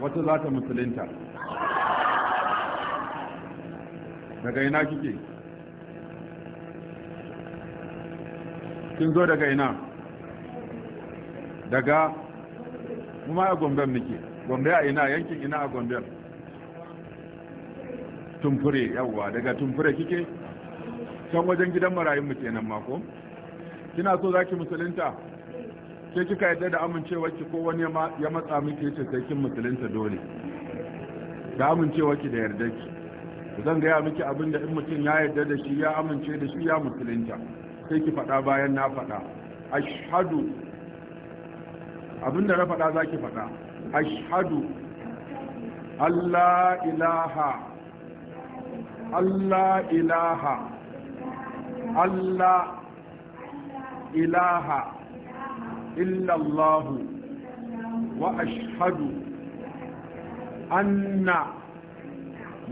wata za ta musulunta daga ina kike kin zo daga ina daga kuma a gomben nake gombe a ina yankin ina a gomben tumfure yawwa daga tumfure kike can wajen gidan marayun mu kenan mako kina so zaki musulunta ke kika yadda da amincewa ki ko wani ya matsa miki yace sai kin musulunta dole da amincewa ki da yarda ki zan gaya miki abin da in mutum ya yarda da shi ya amince da shi ya musulunta sai ki faɗa bayan na faɗa ashhadu abinda na faɗa za ki faɗa ashhadu Allah ilaha Allah ilaha Allah ilaha إلا الله وأشهد أن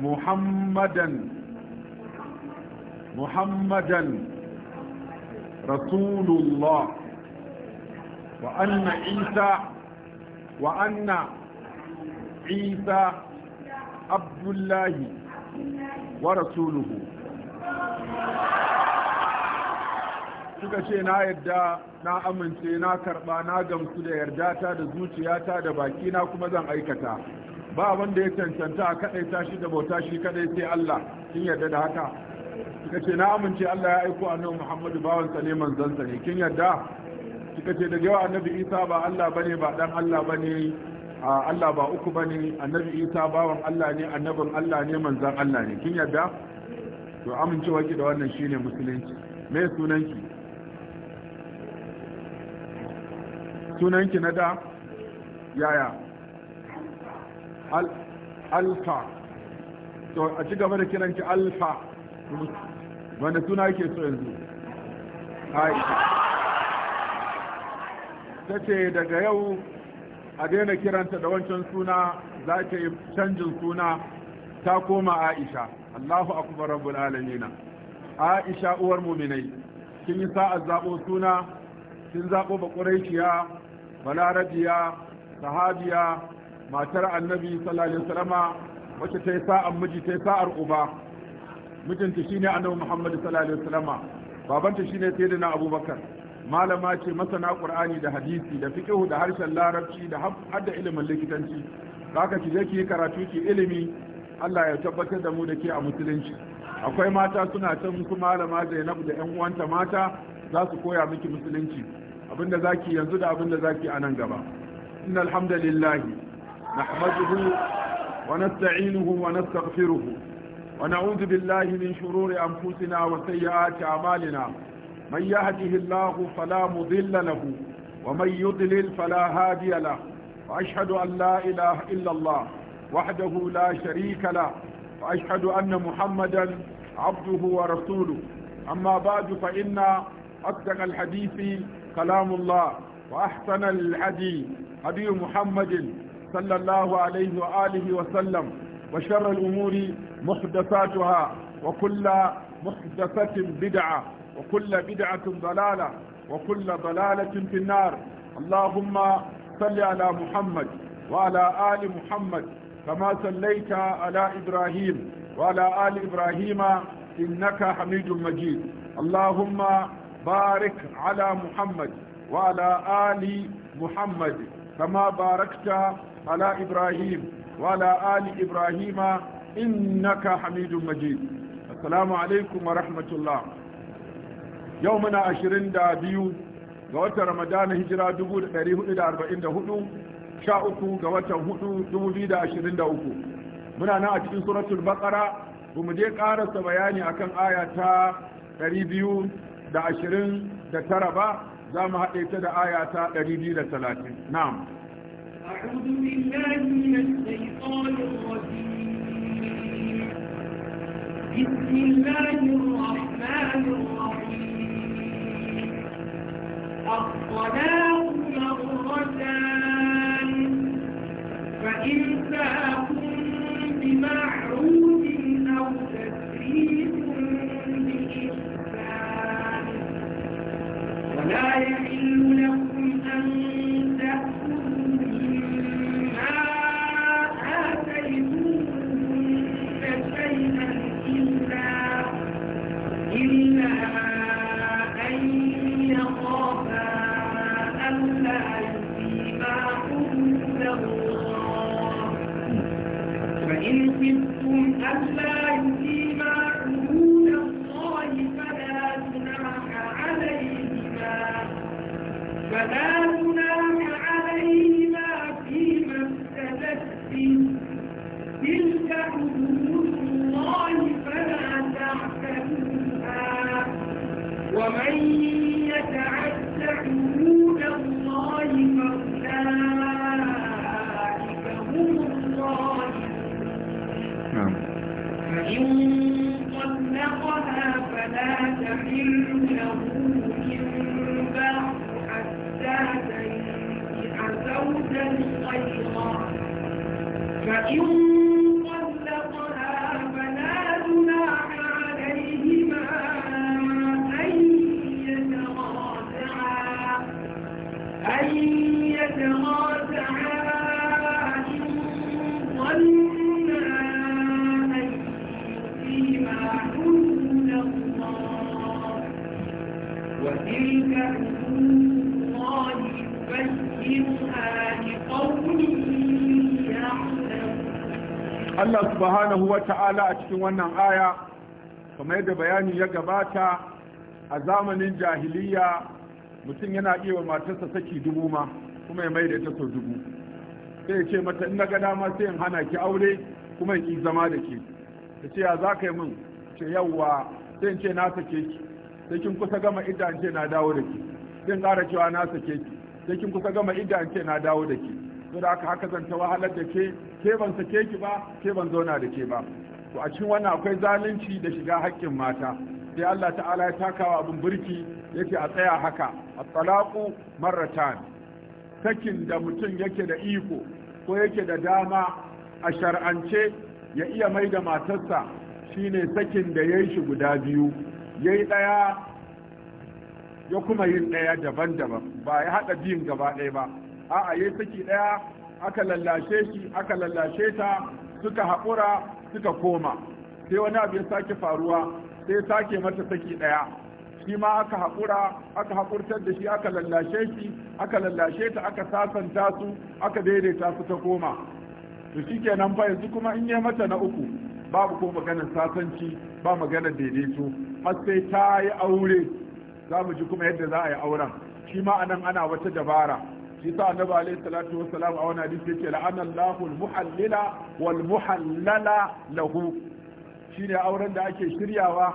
محمدا محمدا رسول الله وأن عيسى وأن عيسى عبد الله ورسوله suka ce na yadda na amince na karba na gamsu da yardata da zuciyata da na kuma zan aikata ba wanda ya cancanta a kadai tashi da bauta shi kadai sai Allah kin yarda da haka suka ce na amince Allah ya aiko annabi Muhammadu bawan sa ne manzon sa ne kin yarda suka ce daga yau annabi Isa ba Allah bane ba dan Allah bane Allah ba uku bane annabi Isa bawan Allah ne annabin Allah ne manzon Allah ne kin yarda to amincewa ki da wannan shine musulunci me sunanki sunanki na da yaya alfa to a ci gaba da kiranki alfa wanda suna ke so yanzu aisha ta ce daga yau a daina kiranta da wancan suna za ta yi canjin suna ta koma aisha allahu akubar rabbul alamina aisha uwar muminai kin yi sa'ar zaɓo suna kin zaɓo ba baƙuraiciya balarabiya sahabiya matar annabi sallallahu alaihi wasallam wacce ta yi sa'ar miji ta yi sa'ar uba mijinta shine annabi muhammad sallallahu alaihi wasallam babanta shine sayyidina abubakar malama ce masana qur'ani da hadisi da fiqhu da harshen larabci da hadda ilimin likitanci haka ki je ki yi karatu ki ilimi Allah ya tabbatar da mu da ke a musulunci akwai mata suna can su malama Zainab da ƴan uwanta mata za su koya miki musulunci abinda zaki yanzu da abinda zaki a nan gaba inna alhamdulillahi nahmaduhu wa nasta'inuhu wa nastaghfiruhu wa na'udhu billahi min shururi anfusina wa sayyiati a'malina man yahdihillahu fala mudilla lahu wa man yudlil fala hadiya lahu wa ashhadu an la ilaha illa Allah wahdahu la sharika lahu wa ashhadu anna Muhammadan عبده ورسوله أما بعد فإن أصدق الحديث كلام الله وأحسن الهدي هدي محمد صلى الله عليه وآله وسلم وشر الأمور محدثاتها وكل محدثة بدعة وكل بدعة ضلالة وكل ضلالة في النار اللهم صل على محمد وعلى آل محمد كما صليت على إبراهيم وعلى آل إبراهيم إنك حميد مجيد اللهم بارك على محمد وعلى آل محمد كما باركت على إبراهيم وعلى آل إبراهيم إنك حميد مجيد السلام عليكم ورحمة الله يومنا عشرين دا بيو قوات رمضان هجرة دبور تاريخ إلى أربعين دا هدو شاءكو قوات هدو دبور دا عشرين دا أكو منا نأتي سورة البقرة ومديك آرس بياني أكن آية تا تاريخ da ashirin da tara ba za mu haɗe ta da aya ta ɗari biyu da talatin na'am بسم الله الرحمن الرحيم الصلاة ta'ala a cikin wannan aya kamar yadda bayani ya gabata a zamanin jahiliya mutum yana iya wa matarsa saki dubu ma kuma ya mai da ta sau dubu sai ce mata in na ga dama sai in hana ki aure kuma in zama da ke ta ce ya za ka yi min ce yawwa sai in ce na sake ki sai kin kusa gama idda in ce na dawo da ke zan ƙara cewa na sake ki sai kin kusa gama idda in ce na dawo da ke saboda haka haka zan ta wahalar da ke ke ban sake ki ba ke ban zauna da ke ba to a cikin wannan akwai zalunci da shiga haƙƙin mata sai Allah ta'ala ya taka wa abin burki yake a tsaya haka at-talaqu marratan sakin da mutum yake da iko ko yake da dama a shar'ance ya iya mai da matarsa shine sakin da yayi shi guda biyu yayi daya ya kuma yin daya daban-daban ba ya hada biyun gaba ɗaya ba a'a yayi saki daya aka lallashe shi aka lallashe ta suka haƙura suka koma sai wani abu ya sake faruwa sai sake mata saki daya shi ma aka haƙura aka haƙurtar da shi aka lallashe shi aka lallashe ta aka sasanta su aka daidaita su ta koma to shikenan fa yanzu kuma in yi mata na uku babu ko maganar sasanci ba maganar daidaito har sai ta yi aure za mu ji kuma yadda za a yi auren shi ma anan ana wata dabara shi sa annabi alayhi salatu wassalam a wani hadisi yake la'ana Allahul muhallila wal muhallala lahu shine auren da ake shiryawa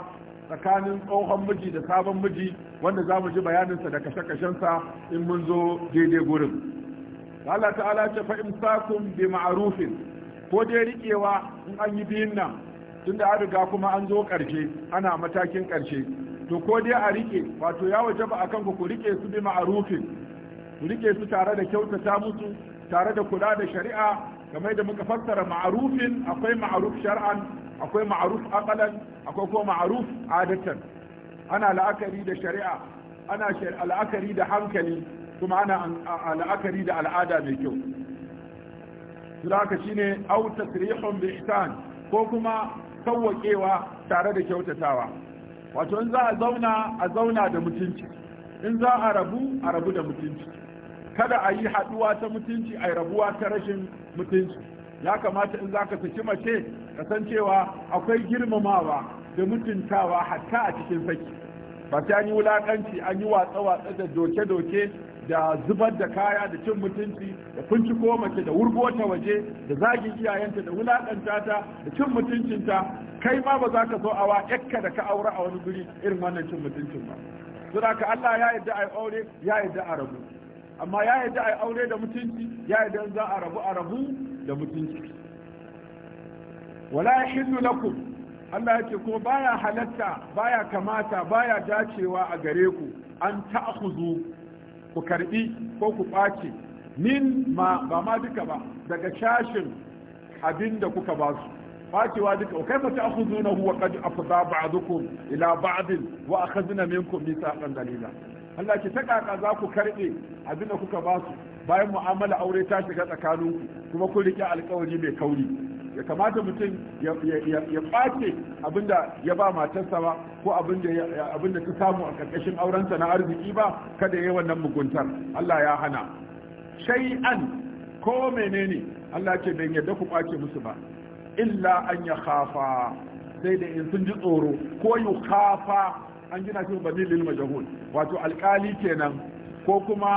tsakanin tsohon miji da sabon miji wanda za mu ji bayaninsa da kashe sa in mun zo daidai gurin Allah ta'ala ce fa imsakum bi ma'rufin ko dai riƙewa in an yi biyun nan tunda an riga kuma an zo ƙarshe, ana matakin ƙarshe, to ko dai a rike wato ya wajaba akan ku ku rike su bi ma'rufin ku rike su tare da kyautata musu tare da kula da shari'a kamar da muka fassara ma'arufin akwai ma'aruf shar'an akwai ma'aruf aqalan akwai ko ma'aruf adatan ana la'akari da shari'a ana la'akari da hankali kuma ana la'akari da al'ada mai kyau suraka shine aw tasrihun bi ihsan ko kuma sawwakewa tare da kyautatawa wato in za a zauna a zauna da mutunci in za a rabu a rabu da mutunci kada a yi haɗuwa ta mutunci a rabuwa ta rashin mutunci ya kamata in za ka saki mace ka san cewa akwai girmamawa da mutuntawa hatta a cikin saki ba sai an yi wulaƙanci an yi watsa-watsa da doke-doke da zubar da kaya da cin mutunci da kunciko mace da wurgo ta waje da zagin iyayenta da wulakanta ta da cin mutuncinta kai ma ba za ka so awa yakka da ka aure a wani guri irin wannan cin mutuncin ba. Zuraka Allah ya yarda a aure ya yarda a rabu. amma ya yarda a yi aure da mutunci ya yadda za a rabu a rabu da mutunci wala ya yahillu ku. Allah ya ce ko baya halatta baya kamata baya dacewa a gare ku an ta'khudhu ku karbi ko ku ɓace min ma ba ma duka ba daga shashin abin da kuka ba su facewa duka wa kaifa ta'khudhunahu wa qad afda ba'dukum ila ba'd wa akhadna minkum dalila Allah ki ta kaka za ku karɓe abinda kuka ba su bayan mu'amala aure ta shiga tsakaninku kuma kun riƙe alƙawari mai kauri ya kamata mutum ya ɓace abinda ya ba matarsa ba ko abinda ta samu a ƙarƙashin aurensa na arziki ba kada ya yi wannan muguntar Allah ya hana An ko menene Allah ke bai yadda ku ɓace musu ba illa an ya khafa sai da in sun ji tsoro ko yu khafa an gina shi bani lil majhul wato alkali kenan ko kuma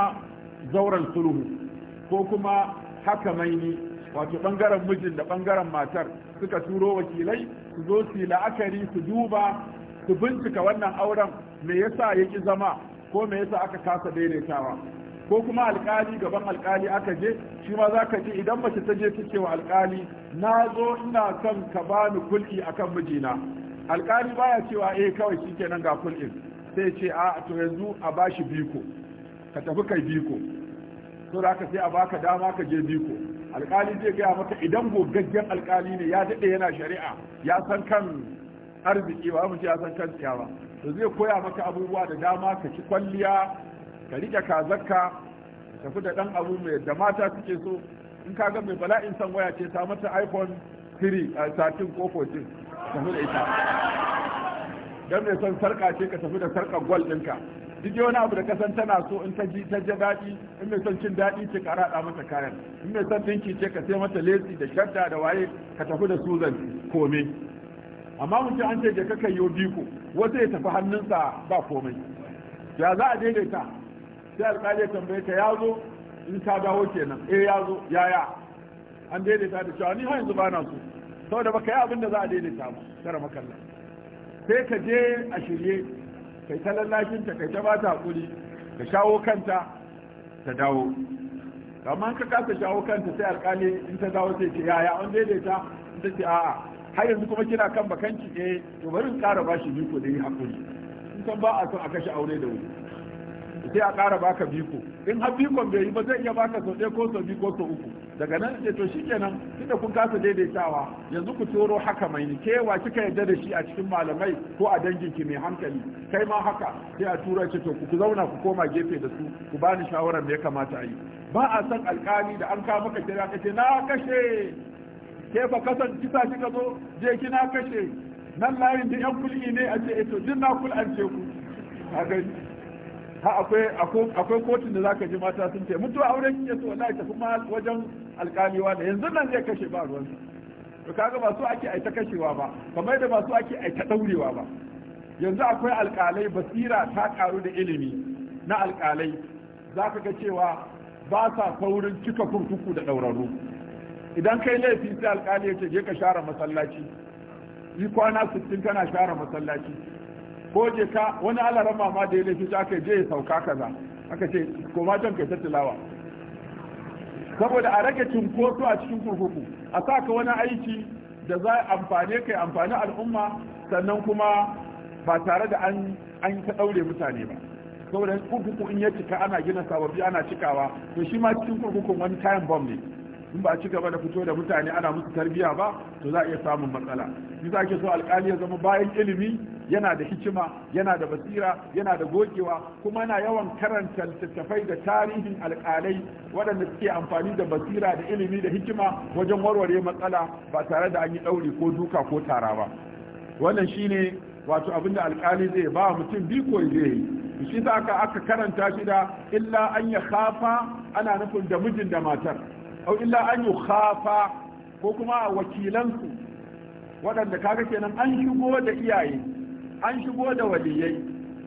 zauren sulhu ko kuma haka hakamaini wato bangaren mijin da bangaren matar suka turo wakilai su zo su la'akari su duba su bincika wannan auren me yasa ya zama ko me yasa aka kasa daidaitawa ko kuma alkali gaban alkali aka je shi ma zaka ji idan mace ta je ta ce wa alkali na zo ina son ka bani kulki akan mijina alkali baya cewa eh kawai shikenan ga full in sai ce a to yanzu a bashi biko ka tafi kai biko to da ka sai a baka dama ka je biko alkali zai gaya maka idan gogaggen alkali ne ya daɗe yana shari'a ya san kan arziki ba mu ce ya san kan tsiyawa to zai koya maka abubuwa da dama ka ci kwalliya ka riƙe kazakka tafi da ɗan abu mai da mata suke so in ka ga mai bala'in san waya ce ta mata iphone 3 13 eh, ko 14 tafi da ita don mai son sarka ce ka tafi da sarka gwal ɗinka duk wani abu da kasan tana so in ta ji ta ji daɗi in mai son cin daɗi ce ka raɗa mata kayan in mai son ɗinki ce ka sai mata lesi da shadda da waye ka tafi da suzan kome amma mutum an ce ka kai biko wata ya tafi hannunsa ba komai ya za a daidaita sai alƙali ya tambaye ka ya zo in ka dawo kenan eh ya zo yaya an daidaita da cewa ni har yanzu ba na so saboda baka yi abin da za a daidaita ba tara makalla sai ka je a shirye kai ta lallashinta kai ta ba ta hakuri ka shawo kanta ta dawo amma ka kasa shawo kanta sai alkali in ta dawo sai ce yaya an daidaita in ta ce a'a har yanzu kuma kina kan bakanci eh to bari in ƙara bashi biko da yi hakuri in san ba a son a kashe aure da wuri sai a kara baka biko in har bikon bai yi ba zai iya baka sau ɗaya ko sau biyu ko sau uku daga nan sai to shikenan tunda kun kasa daidaitawa yanzu ku turo haka mai ni kewa kika yarda da shi a cikin malamai ko a dangin ki mai hankali kai ma haka sai a tura ki to ku zauna ku koma gefe da su ku bani shawarar me ya kamata a yi ba a san alkali da an ka maka kira kace na kashe ke fa kasan kisa kika zo je ki na kashe nan layin da yan kulli ne a ce eh to din na kul'ance ku a gani ha akwai akwai kotun da zaka ji mata sun ce mutuwa auren ki yaso wallahi tafi ma wajen alkali da yanzu nan zai kashe ba ruwan to kaga ba su ake aita kashewa ba kamar da ba su ake aita daurewa ba yanzu akwai alkalai basira ta karu da ilimi na alkalai zaka ga cewa ba sa kaurin cika kurkuku da daurarru idan kai laifi sai alkali ya ce je ka share masallaci yi kwana 60 kana share masallaci ko je ka wani alaran mama da ya laifi ta aka je ya sauka kaza aka ce koma jan kai ta tilawa saboda a rage cunkoso a cikin kurkuku a sa ka wani aiki da za a amfane kai amfani al'umma sannan kuma ba tare da an an ta daure mutane ba saboda kurkuku in ya cika ana gina sababbi ana cikawa to shi ma cikin kurkukun wani kayan bomb ne in ba a ci gaba da fito da mutane ana musu tarbiya ba to za a iya samun matsala shi za ke so alƙali ya zama bayan ilimi yana da hikima yana da basira yana da gogewa kuma yana yawan karanta littattafai da tarihin alƙalai waɗanda suke amfani da basira da ilimi da hikima wajen warware matsala ba tare da an yi ɗauri ko duka ko tara ba wannan shine wato abinda alƙali zai ba mutum biko zai yi shi za aka karanta shi da illa an ya kafa ana nufin da mijin da matar au illa an yi khafa ko kuma wakilansu waɗanda kaga kenan an shigo da iyaye an shigo da waliyai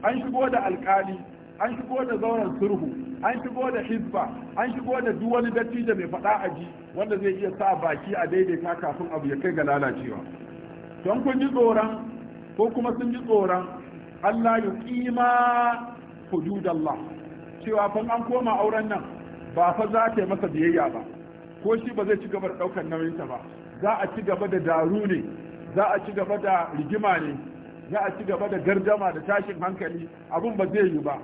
an shigo da alkali an shigo da zauren sulhu an shigo da hizba an shigo da duk wani dattijo mai faɗa a ji wanda zai iya sa baki a daidaita kafin abu ya kai ga lalacewa don kun ji tsoron ko kuma sun ji tsoron Allah ya kima hududallah cewa fa an koma auren nan ba fa za ta yi masa biyayya ba ko shi ba zai ci gaba da ɗaukar ta ba za a ci gaba da daru ne za a ci gaba da rigima ne za a ci gaba da gardama da tashin hankali abun ba zai yi ba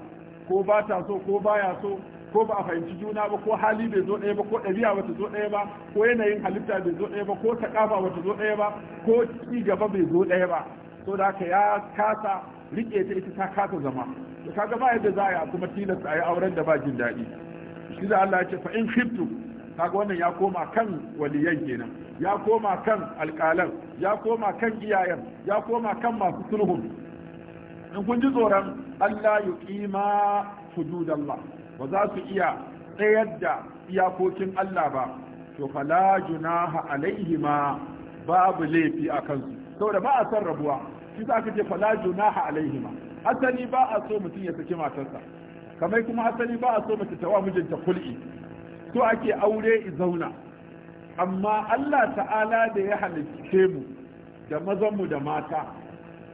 ko ba ta so ko baya so ko ba a fahimci juna ba ko hali bai zo ɗaya ba ko ɗabi'a ba ta zo ɗaya ba ko yanayin halitta bai zo ɗaya ba ko taƙafa ba ta zo ɗaya ba ko ci gaba bai zo ɗaya ba so da haka ya kasa riƙe ta ita ta kasa zama to kaga ba yadda za a yi kuma tilasta a yi auren da ba jin daɗi shi da Allah ya ce fa in khiftu kaga wannan ya koma kan waliyan kenan ya koma kan alƙalan ya koma kan iyayen ya koma kan masu sulhu in kun ji tsoron Allah ya kima hududallah ba za su iya tsayar da iyakokin Allah ba to fala junaha alaihima babu laifi a kansu saboda ba a son rabuwa shi za ka ce fala junaha alaihima asali ba a so mutum ya saki matarsa kamar kuma asali ba a so mace ta wa mijinta kul'i so ake aure i zauna amma Allah ta'ala da ya halicce mu da mazanmu da mata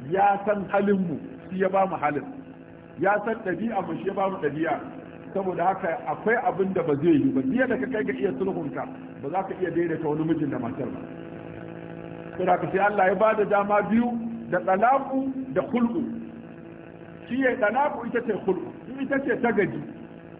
ya san halinmu shi ya ba mu halin ya san ɗabi'a mu shi ya ba mu ɗabi'a saboda haka akwai abin da ba zai yi ba biya da ka kai ga iya sulhunka ba za ka iya daidaita wani mijin da matar ba saboda ka sai Allah ya ba da dama biyu da talaku da khulqu shi ya talaku ita ce khulqu ita ce ta gaji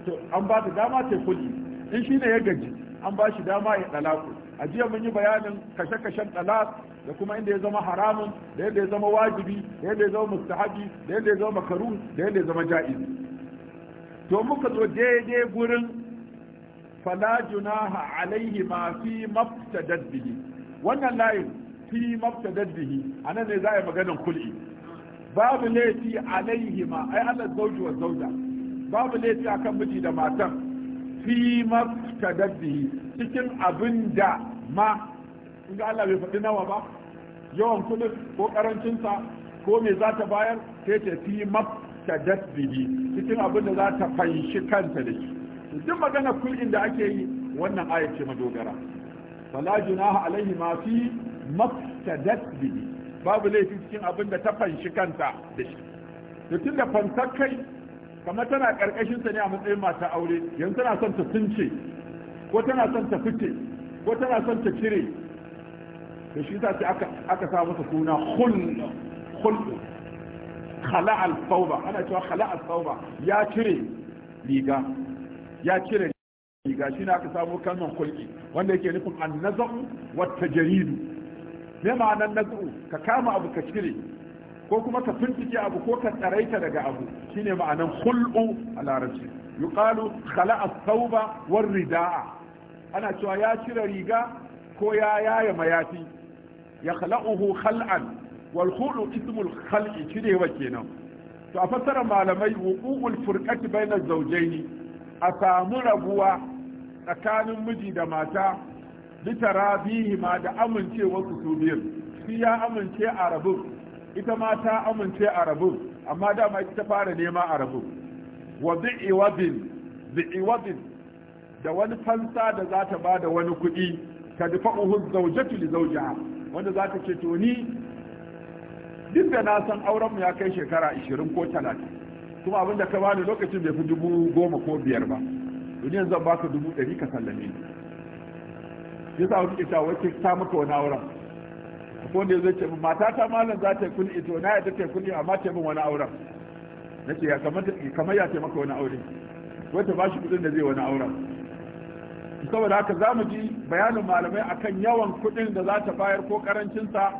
to an ba da dama ta khulqu in shi ne ya gaji an ba shi dama ya dalaku a jiya mun yi bayanin kashe-kashen ɗalak da kuma inda ya zama haramun da yadda ya zama wajibi da yadda ya zama mustahabi da yadda ya zama makaru da yadda ya zama ja'izi. to muka zo daidai gurin fala junaha alaihi ma fi mabtadad bihi wannan layin fi mabtadad bihi anan ne za a yi maganin kul'i babu laifi alaihi ma ai Allah zauji wa zauja babu laifi akan miji da matan fi maftadabbihi cikin abin da ma in ga Allah bai faɗi nawa ba yawan kudin ko karancinsa ko me za ta bayar sai ta fi maftadabbihi cikin abin da za ta fanshi kanta da shi duk magana kul'in da ake yi wannan ayat ce madogara fala junaha alaihi ma fi maftadabbihi babu laifi cikin abin da ta fanshi kanta da shi da tun da fansar kai kamar tana karkashin sa ne a matsayin mata aure yanzu tana son ta sunce ko tana son ta fice ko tana son ta cire da shi ta ce aka aka sa masa suna khul khul al-thawba ana cewa khala al-thawba ya cire riga ya cire riga shi ne aka samu kalmar kulki wanda yake nufin annazu wa tajridu me ma'anar nazu ka kama abu ka cire ko kuma ka fincike abu ko ka tsaraita daga abu shine ma'anan hul'u a larabci yuqalu khala'a thawba war rida'a ana cewa ya cire riga ko ya yaya mayafi ya khala'uhu khal'an wal khulu ismul khal'i wa kenan to a fassara malamai wuqu'ul furqati bainaz zawjaini a samu rabuwa tsakanin miji da mata litara ma da amincewa su su biyar shi ya amince a rabin ita ma ta amince a rabu amma dama ita fara nema a rabu wa bi iwabin da wani fansa da za ta ba da wani kuɗi ka dafa uhun zaujatu li zaujaha wanda za ta ce to ni duk da na san auren mu ya kai shekara 20 ko 30 kuma abinda ka bani lokacin bai fi dubu goma ko biyar ba yanzu zan baka dubu ɗari ka sallame ni yasa wani ita wacce ta maka wani auren ko da zai ce min matata malam za ta yi to na yadda ta yi amma ta min wani auren na ce kamar ya ce maka wani aure ko ta ba shi kuɗin da zai wani auren saboda haka za mu ji bayanin malamai akan yawan kuɗin da za ta bayar ko karancinsa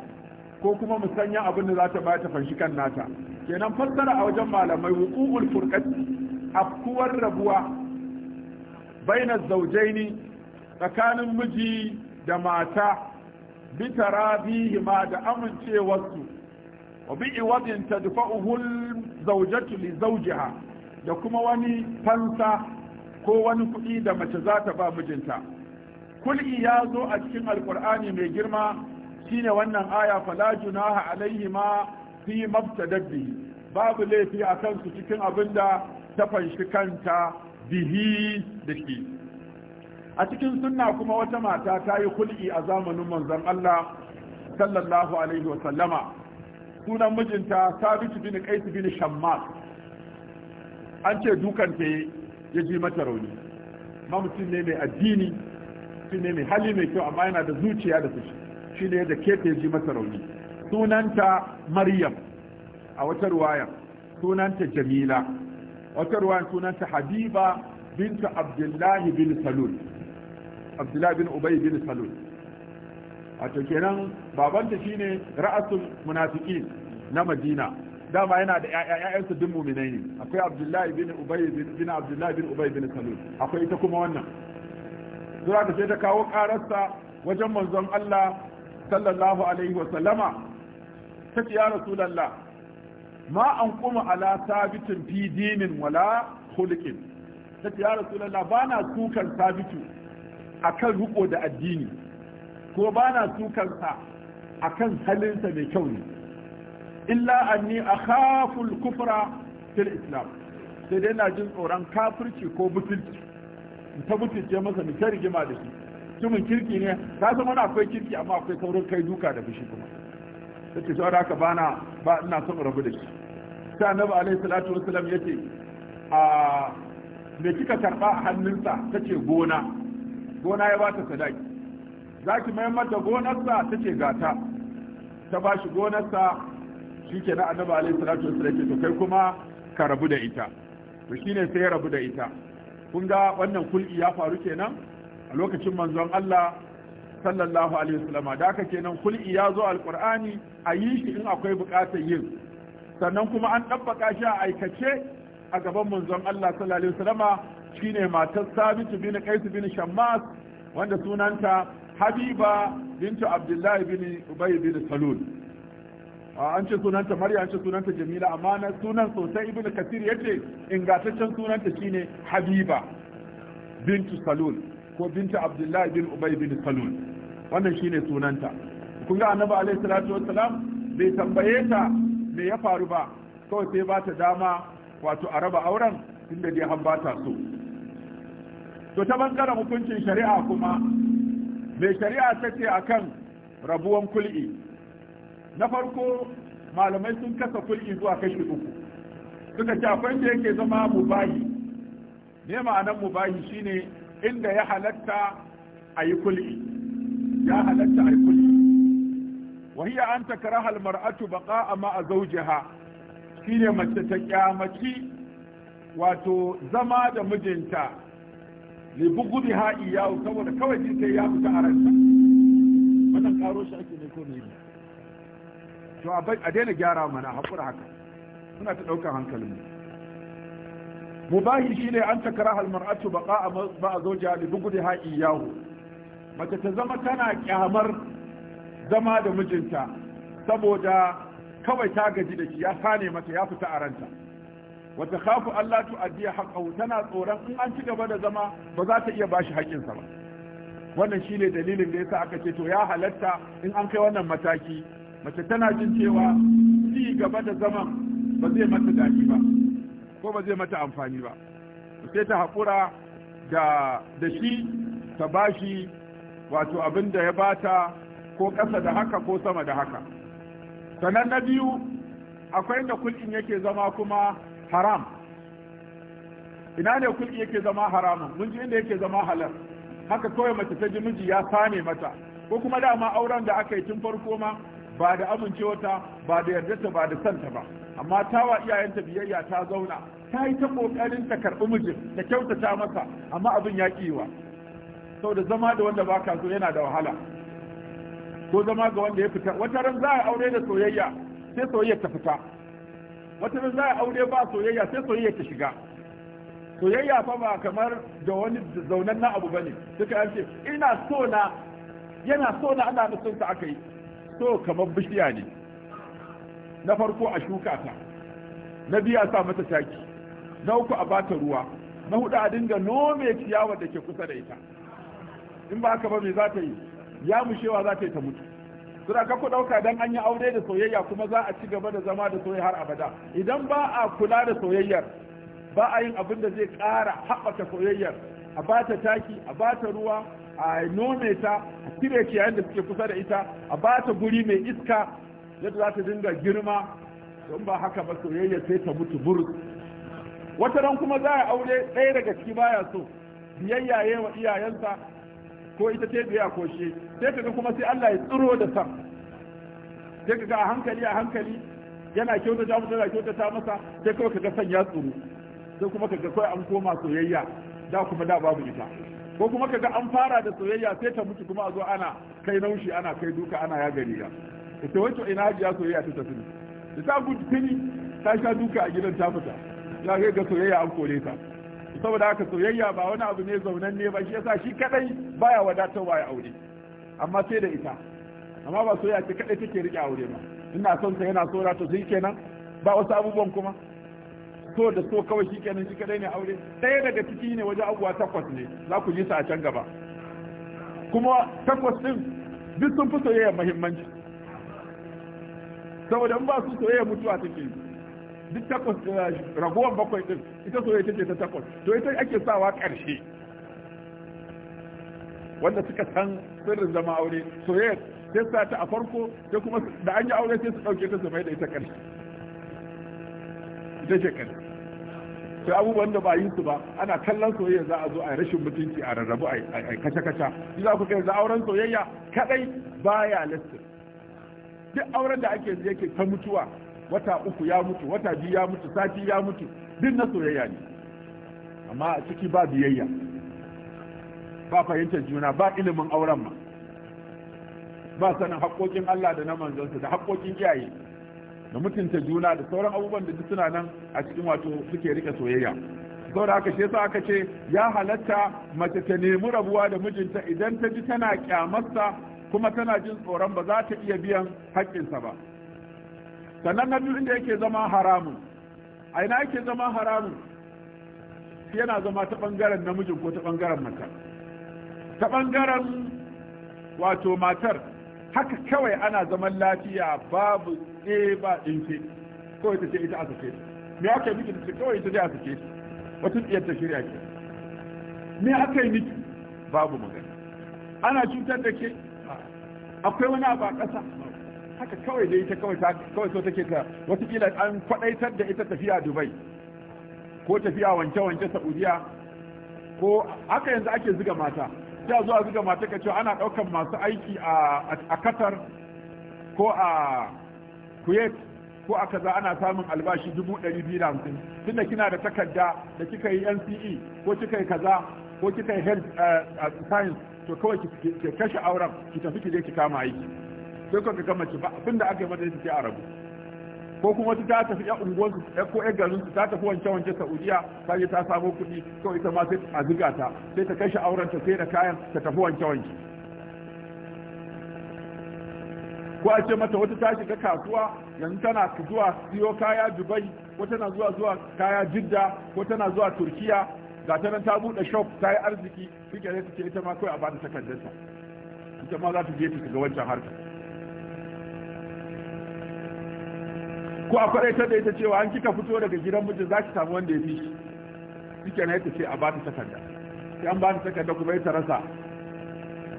ko kuma musanya abin da za ta bayar ta fanshi kan nata kenan fassara a wajen malamai hukumul furqati afkuwar rabuwa baina zawjaini tsakanin miji da mata bi tarabihi ma da amincewarsu wa bi iwadin tadfa'uhu zawjatu li zawjiha da kuma wani fansa ko wani kuɗi da mace za ta ba mijinta kul'i ya zo a cikin alkur'ani mai girma shine wannan aya fala junaha alaihi ma fi mabtadab babu laifi a kansu cikin abin da ta fanshi kanta bihi da a cikin sunna kuma wata mata ta yi kul'i a zamanin manzon Allah sallallahu alaihi wa sallama sunan mijinta Sabit bin Qais bin Shammas an ce dukan ta ya ji mata rauni ma ne mai addini shi ne mai hali mai kyau amma yana da zuciya da fushi shi ne da ta ji mata rauni sunanta Maryam a wata ruwaya sunanta Jamila wata ruwaya sunanta Habiba Binta Abdullahi bin Salul abdullahi bin ubay bin salul wato kenan babanta shine ra'asul munafiqin na madina dama yana da ƴaƴansa duk mu'minai ne akwai abdullahi bin ubay bin abdullahi bin ubay bin salul akwai ita kuma wannan sura ta sai ta kawo kararsa wajen manzon Allah sallallahu alaihi wa sallama sai ya rasulullah ma an kuma ala sabitin fi dinin wala khuluqin sai ya rasulullah bana sukan sabitu akan riko da addini ko ba na tukansa a kan halinsa mai kyau ne illa anni a al-kufra fil islam sai dai na jin tsoron kafirci ko butulci ta butulce masa ni ta rigima da shi mutumin kirki ne ka san wani akwai kirki amma akwai saurin kai duka da fushi kuma sai ce haka bana ba ina son rabu da shi sai annabi alaihi salatu wassalam yace a ah, me kika karba hannunsa ta ce gona gona ya bata sadaki za ki mayar mata gonarsa ta ce gata ta ba shi gonarsa shi ke na annaba alai salatu wasallam to kai kuma ka rabu da ita to shi ne sai ya rabu da ita kun ga wannan kulki ya faru kenan a lokacin manzon Allah sallallahu alaihi wasallam da aka kenan kulki ya zo alqur'ani a yi shi in akwai bukatar yin sannan kuma an ɗabbaka shi a aikace a gaban manzon Allah sallallahu alaihi wasallama shine matar sabitu bin qais bin shammas wanda sunanta habiba bintu abdullahi bin ubay bin salul an ce sunanta marya an ce sunanta jamila amma na sunan sosai ibn kasir yace ingantaccen sunanta shine habiba bintu salul ko bintu abdullahi bin ubay bin salul wannan shine sunanta kun ga annabi alaihi salatu wassalam bai tambaye ta me ya faru ba kawai sai ba ta dama wato a raba auren tunda dai han ba ta so to ta bangaren hukuncin shari'a kuma mai shari'a ta ce akan rabuwan kul'i na farko malamai sun kasa kul'i zuwa kashi uku suka ce akwai da yake zama mubahi ne ma'anar mubahi shine inda ya halatta a yi kul'i ya halatta a yi kul'i وهي أن تكره a بقاء مع زوجها shine mace ta kyamaci wato zama da mijinta li bugudi ha iyahu saboda kawai jin sai ya fita a ransa wannan karo shi ake ne ko ne to a daina gyara mana haƙura haka muna ta ɗaukar hankalin mubahi shine an takara halmar'atu baqa ba zawja li bugudi ha yawo. mace ta zama tana kyamar zama da mijinta saboda kawai ta gaji da shi ya sane mata ya fita a ranta wata khafu Allah tu'addiya haqqahu tana tsoron in an ci gaba da zama ba za ta iya bashi haƙƙinsa ba wannan shine dalilin da yasa aka ce to ya halatta in an kai wannan mataki mace tana jin cewa ci gaba da zaman ba zai mata daɗi ba ko ba zai mata amfani ba sai ta haƙura da da shi ta bashi wato abin da ya bata ko ƙasa da haka ko sama da haka sannan na biyu akwai da kulɗin yake zama kuma haram ina ne kulki yake zama haramun mun ji inda yake zama halal haka kawai mace ta ji miji ya same mata ko kuma dama auren da aka yi tun farko ma ba da amincewarta ba da yardarta ba da santa ba amma tawa iyayenta biyayya ta zauna ta yi ta kokarin ta karɓi mijin ta kyautata masa amma abin ya sau saboda zama da wanda baka so yana da wahala ko zama ga wanda ya fita wata ran za a aure da soyayya sai soyayya ta fita wata za a aure ba soyayya sai soyayya ta shiga soyayya fa ba kamar da wani zaunan na abu bane duka an ce ina so na yana so na ana nufin sa aka yi so kamar bishiya ne na farko a shuka ta na biya sa mata taki na uku a bata ruwa na hudu a dinga nome ciyawa da ke kusa da ita in ba haka ba me za ta yi ya mushewa za ta yi ta mutu suna ka ku ɗauka dan an yi aure da soyayya kuma za a ci gaba da zama da soyayya har abada idan ba a kula da soyayyar ba a yin abin da zai ƙara haɓaka soyayyar a ba ta taki a ba ta ruwa a nome ta a cire ciyayin da suke kusa da ita a ba ta guri mai iska yadda za ta dinga girma don ba haka ba soyayya sai ta mutu burus wata ran kuma za a aure ɗaya daga ciki baya so biyayya wa iyayensa ko ita ce biya ko shi sai kaga kuma sai Allah ya tsiro da san sai kaga a hankali a hankali yana kyautata mutu yana kyautata masa sai kawai kaga san ya tsiro sai kuma kaga kawai an koma soyayya da kuma da babu ita ko kuma kaga an fara da soyayya sai ta mutu kuma a zo ana kai naushi ana kai duka ana ya gari ya ita wato ina hajiya soyayya ta tafi ita gudu tuni ta sha duka a gidan ta fita ya kai ga soyayya an kore ta saboda haka soyayya ba wani abu ne zaunanne ba shi yasa shi kadai baya wadatarwa ya aure amma sai da ita amma ba soyayya ce kadai take rike aure ba ina son ta yana sora to sai kenan ba wasu abubuwan kuma so da so kawai shi kenan shi kadai ne aure ɗaya daga ciki ne wajen abuwa takwas ne za ku ji su a can gaba kuma takwas din duk sun fi soyayya muhimmanci saboda in ba su soyayya mutuwa take yi duk takwas eh, ragowar bakwai din ita so ita ce ta takwas to ita ake sawa ƙarshe wanda suka san sirrin zama aure soyayya sai sa ta a farko sai kuma da an yi aure sai su ɗauke ta su mai da ita ƙarshe ita ce ƙarshe sai abubuwan da ba yi su ba ana kallon soyayya za a zo a rashin mutunci a rarrabu a kace-kace shi za ku kai za auren soyayya kadai baya lissa duk auren da ake yake ta mutuwa wata uku ya mutu wata biyu ya mutu sati ya mutu din na soyayya ne amma a ciki ba biyayya ba fahimtar juna ba ilimin auren ma ba sanin haƙoƙin Allah da na manzansa da haƙoƙin iyaye da mutunta juna da sauran abubuwan da suna nan a cikin wato suke rika soyayya saboda haka shi yasa aka ce ya halatta mace ta nemi rabuwa da mijinta idan ta ji tana kyamarsa kuma tana jin tsoron ba za ta iya biyan haƙƙinsa ba sannan na biyu inda yake zama haramun a ina yake zama haramun yana zama ta ɓangaren namijin ko ta ɓangaren matar ta ɓangaren wato matar haka kawai ana zaman lafiya babu eh ba ɗinke kawai ta ce ita a sake me aka yi miki da kawai ita ce a sake wata tsiyar ta shirya ke me aka yi miki babu magana ana cutar da ke akwai wani abu a ƙasa haka kawai dai ita kawai ta kawai so take ta kila an kwadaitar da ita tafiya dubai ko tafiya wanke wanke saudiya ko haka yanzu ake zuga mata sai zuwa zuga mata ka ce ana daukan masu aiki a a qatar ko a kuwait ko a kaza ana samun albashi dubu ɗari tunda kina da takarda da kika yi nce ko kika yi kaza ko kika yi health eh, eh, science to kawai ki kashe auren ki tafi ki je ki kama aiki sai ka gama mace ba abinda aka yi mata ita a arabu ko kuma ta tafi ya unguwar ko ya garin su ta tafi wanke wancan Saudiya ta je ta samo kuɗi ko ita ma sai a ziga ta sai ta kashe auren ta sai da kayan ta tafi wanke wanke ko a ce mata wata ta shiga kasuwa yanzu tana zuwa siyo kaya Dubai ko tana zuwa zuwa kaya Jidda ko tana zuwa Turkiya ga ta nan ta buɗe shop ta yi arziki shi ke ta ce ita ma kawai a bada takardarta ita ma za ta je ta shiga wancan harkar ko a kwadaitar da ita cewa an kika fito daga gidan mijin za ki samu wanda ya fi shi shike na yadda ce a ba ta takarda sai an ba ta takarda kuma ya rasa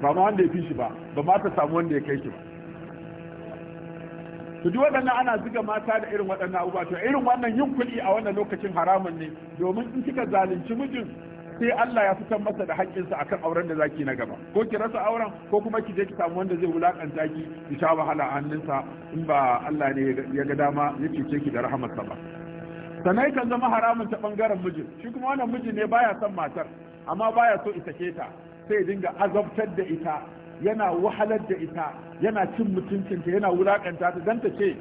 ba ma wanda ya fi shi ba ba ma ta samu wanda ya kai shi ba to duk waɗannan ana ziga mata da irin waɗannan abubuwa to irin wannan yin kuɗi a wannan lokacin haramun ne domin in kika zalunci mijin sai Allah ya fitar masa da haƙƙinsa akan auren da za zaki na gaba ko ki rasa auren ko kuma ki je ki samu wanda zai wulakanta ki ki sha wahala a hannunsa in ba Allah ne ya ga dama ya cece ki da rahamarsa ba sannan kan zama haramun ta bangaren mijin shi kuma wannan mijin ne baya son matar amma baya so ita ke ta sai dinga azabtar da ita yana wahalar da ita yana cin mutuncinta yana wulakanta ta don ta ce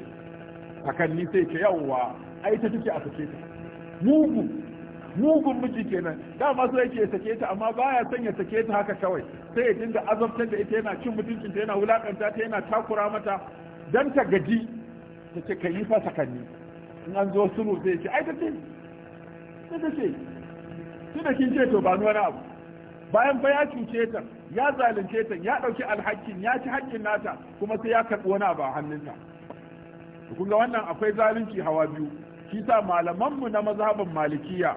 hakan ni sai ta yawwa ai ta take a fice ta mugu mugun miji kenan dama sai yake sake ta amma baya son ya sake ta haka kawai sai ya dinga azabtar da ita yana cin mutuncin ta yana wulakanta ta yana takura mata dan ta gaji ta ce kai fa sakanni in an zo sulu zai ce ai tace ta ce da kin ce to ba ni wani abu bayan fa ya cuce ta ya zalunce ta ya dauki alhakin ya ci hakkin nata kuma sai ya karbi wani abu a hannunta kun ga wannan akwai zalunci hawa biyu shi sa mu na mazhaban malikiya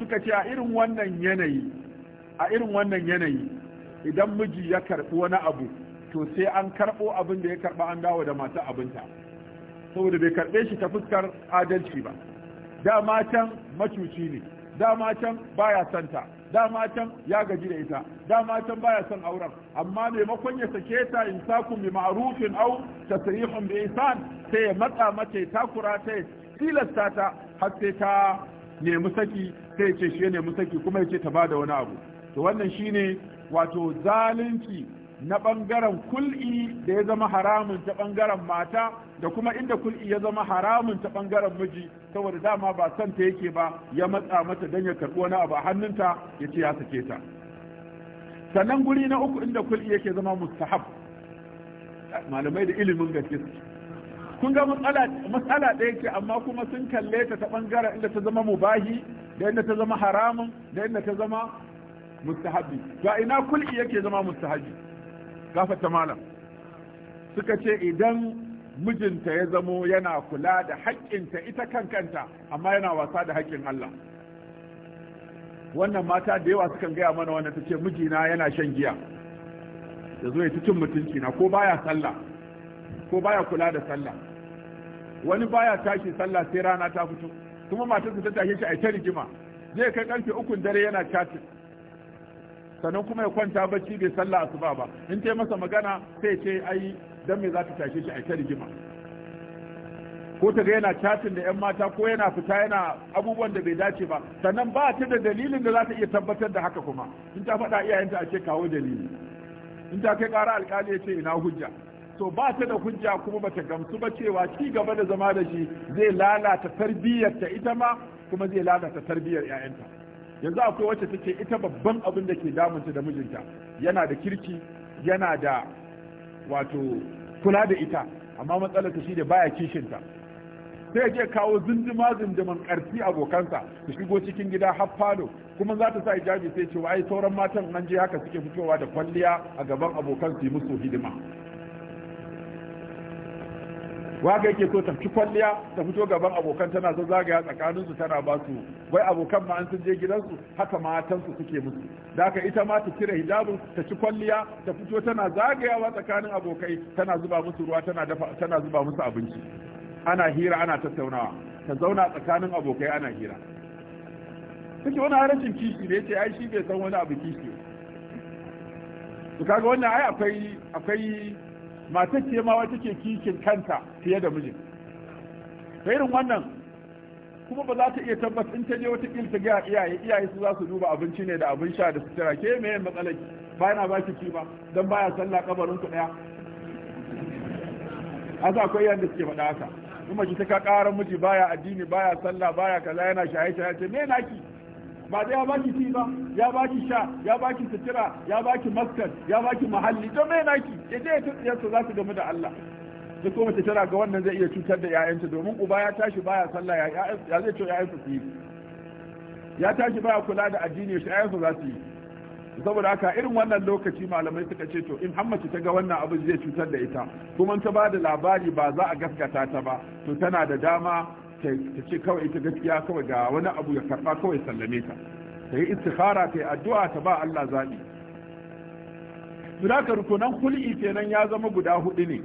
suka ce a irin wannan yanayi a irin wannan yanayi idan miji ya karɓi wani abu to sai an karɓo abin da ya karɓa an dawo da masu abinta saboda bai karɓe shi ta fuskar adalci ba dama can macuci ne dama can baya santa dama can ya gaji da ita dama can baya son auren amma maimakon ya sake ta in saku bi ma'rufin au tasrihun bi ihsan sai ya matsa mace takura ta tilasta ta har sai ta nemi saki sai ya ce shi ya nemi saki kuma ya ce ta ba da wani abu to wannan shine wato zalunci na ɓangaren kul'i da ya zama haramun ta bangaren mata da kuma inda kul'i ya zama haramun ta bangaren miji saboda dama ba son ta yake ba ya matsa mata don ya karɓi wani abu a hannunta ya ce ya sake ta sannan guri na uku inda kul'i yake zama mustahab malamai da ilimin gaske kun ga matsala ɗaya ce amma kuma sun kalle ta ta ɓangaren inda ta zama mubahi da inda ta zama haramun da inda ta zama mustahabi to ina kulki yake zama mustahabi gafata malam suka ce idan mijinta ya zamo yana kula da haƙƙinta ita kan kanta amma yana wasa da haƙƙin Allah wannan mata da yawa sukan gaya mana wannan ta ce mijina yana shan giya ya zo ya ci cin mutunci na ko baya sallah ko baya kula da sallah wani baya tashi sallah sai rana ta fito kuma matar ta tashi shi a ta rigima zai kai karfe uku dare yana chatin sannan kuma ya kwanta bacci bai sallah asuba ba in ta masa magana sai ce ai dan me za ta tashe shi a ta rigima ko ta ga yana chatin da yan mata ko yana fita yana abubuwan da bai dace ba sannan ba ta da dalilin da za ta iya tabbatar da haka kuma in ta faɗa iyayenta a ce kawo dalili in ta kai ƙara alƙali ya ce ina hujja to ba ta da hujja kuma ba ta gamsu ba cewa ci gaba da zama da shi zai lalata tarbiyyarta ita ma kuma zai lalata tarbiyyar 'ya'yanta yanzu akwai wacce take ita babban abin da ke damun ta da mijinta yana da kirki yana da wato kula da ita amma matsalar ta shi da baya kishin ta, sai je kawo zindima zindiman karfi abokansa su shigo cikin gida har falo kuma za ta sa hijabi sai cewa ai sauran matan nan je haka suke fitowa da kwalliya a gaban abokan su yi musu hidima waka yake so ta fi kwalliya ta fito gaban abokan tana so zagaya tsakanin su tana ba su wai abokan ma an sun je gidansu haka matan su suke musu da haka ita ma ta cire hijabin ta ci kwalliya ta fito tana zagayawa tsakanin abokai tana zuba musu ruwa tana dafa tana zuba musu abinci ana hira ana tattaunawa ta zauna tsakanin abokai ana hira kace wani harashin kishi ne yace ai shi bai san wani abu kishi to kaga wannan ai akwai akwai matar ce ma wata ke kikin kanta fiye da miji, ta irin wannan kuma ba za ta iya tabbas in ta je wata ta ga iyaye iyaye su za su duba abinci ne da abin sha da sutura ke me matsalar ba na ba ki ci dan baya sallah kabarin ku daya asa akwai yanda suke faɗa haka kuma ki ta ka ƙara miji baya addini baya sallah baya kaza yana shaye shaye ce me naki ba da ya baki ci ba ya baki sha ya baki sutura ya baki maskan ya baki mahalli don mai naki ya je ya tutsiyarsa za su gamu da Allah duk kuma ta tara ga wannan zai iya cutar da 'ya'yanta domin uba ya tashi baya sallah ya zai ce 'ya'yansa su yi ya tashi baya kula da addini shi 'ya'yansa za su yi saboda haka irin wannan lokaci malamai suka ce to in hammaci ta ga wannan abu zai cutar da ita kuma ta ba da labari ba za a gaskata ta ba to tana da dama ta ce kawai ita gaskiya kawai ga wani abu ya karba kawai sallame ka ta yi istikhara ta yi addu'a ta ba Allah zaɓi ruko rukunan hul'i kenan ya zama guda hudu ne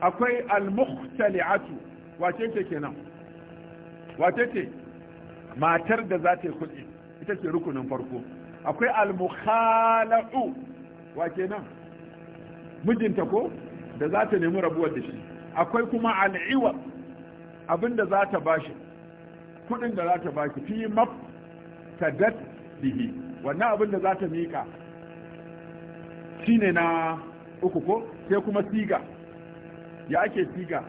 akwai al-mukhtali'atu wace ce kenan wace ce matar da za ta yi hul'i ita ce rukunin farko akwai al-mukhala'u wace nan mijinta ko da za ta nemi rabuwar da shi akwai kuma al'iwa abin da za ta bashi kudin da za ta bashi fi maf tadat bihi wannan abin da za ta miƙa shine na uku ko sai kuma siga ya ake siga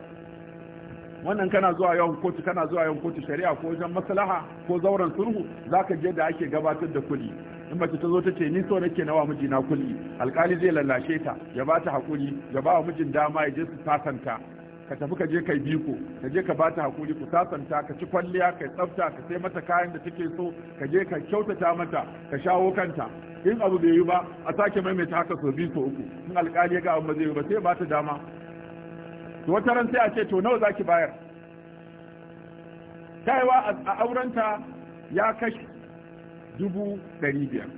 wannan kana zuwa yawan kotu kana zuwa yawan kotu shari'a ko wajen maslaha ko zauren sulhu za ka je da ake gabatar da kuɗi in mace ta zo ta ce ni so nake nawa mijina kuɗi alkali zai lallashe ta ya ba ta hakuri ya ba wa mijin dama ya je su sasanta ka tafi ka je kai biko ka je ka ba ta hakuri ku sasanta ka ci kwalliya kai tsafta ka sai mata kayan da take so ka je ka kyautata mata ka shawo kanta in abu bai yi ba a sake maimaita haka so biyu so uku in alkali ya ga abu ba zai yi ba sai ba ta dama to wata ran sai a ce to nawa zaki bayar kaiwa a aurenta ya kashi dubu ɗari biyar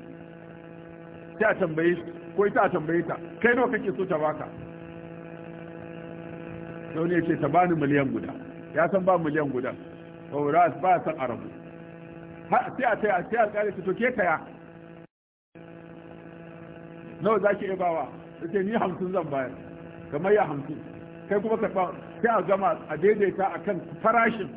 sai a tambaye ko ita a tambaye ta kai nawa kake so ta baka sauni ya ce ta bani miliyan guda ya san ba miliyan guda saura ba san arabu sai a taya sai alƙali ta toke taya nawa za ki iya bawa ce ni hamsin zan bayar kamar ya hamsin kai kuma ka sai a gama a daidaita a kan farashin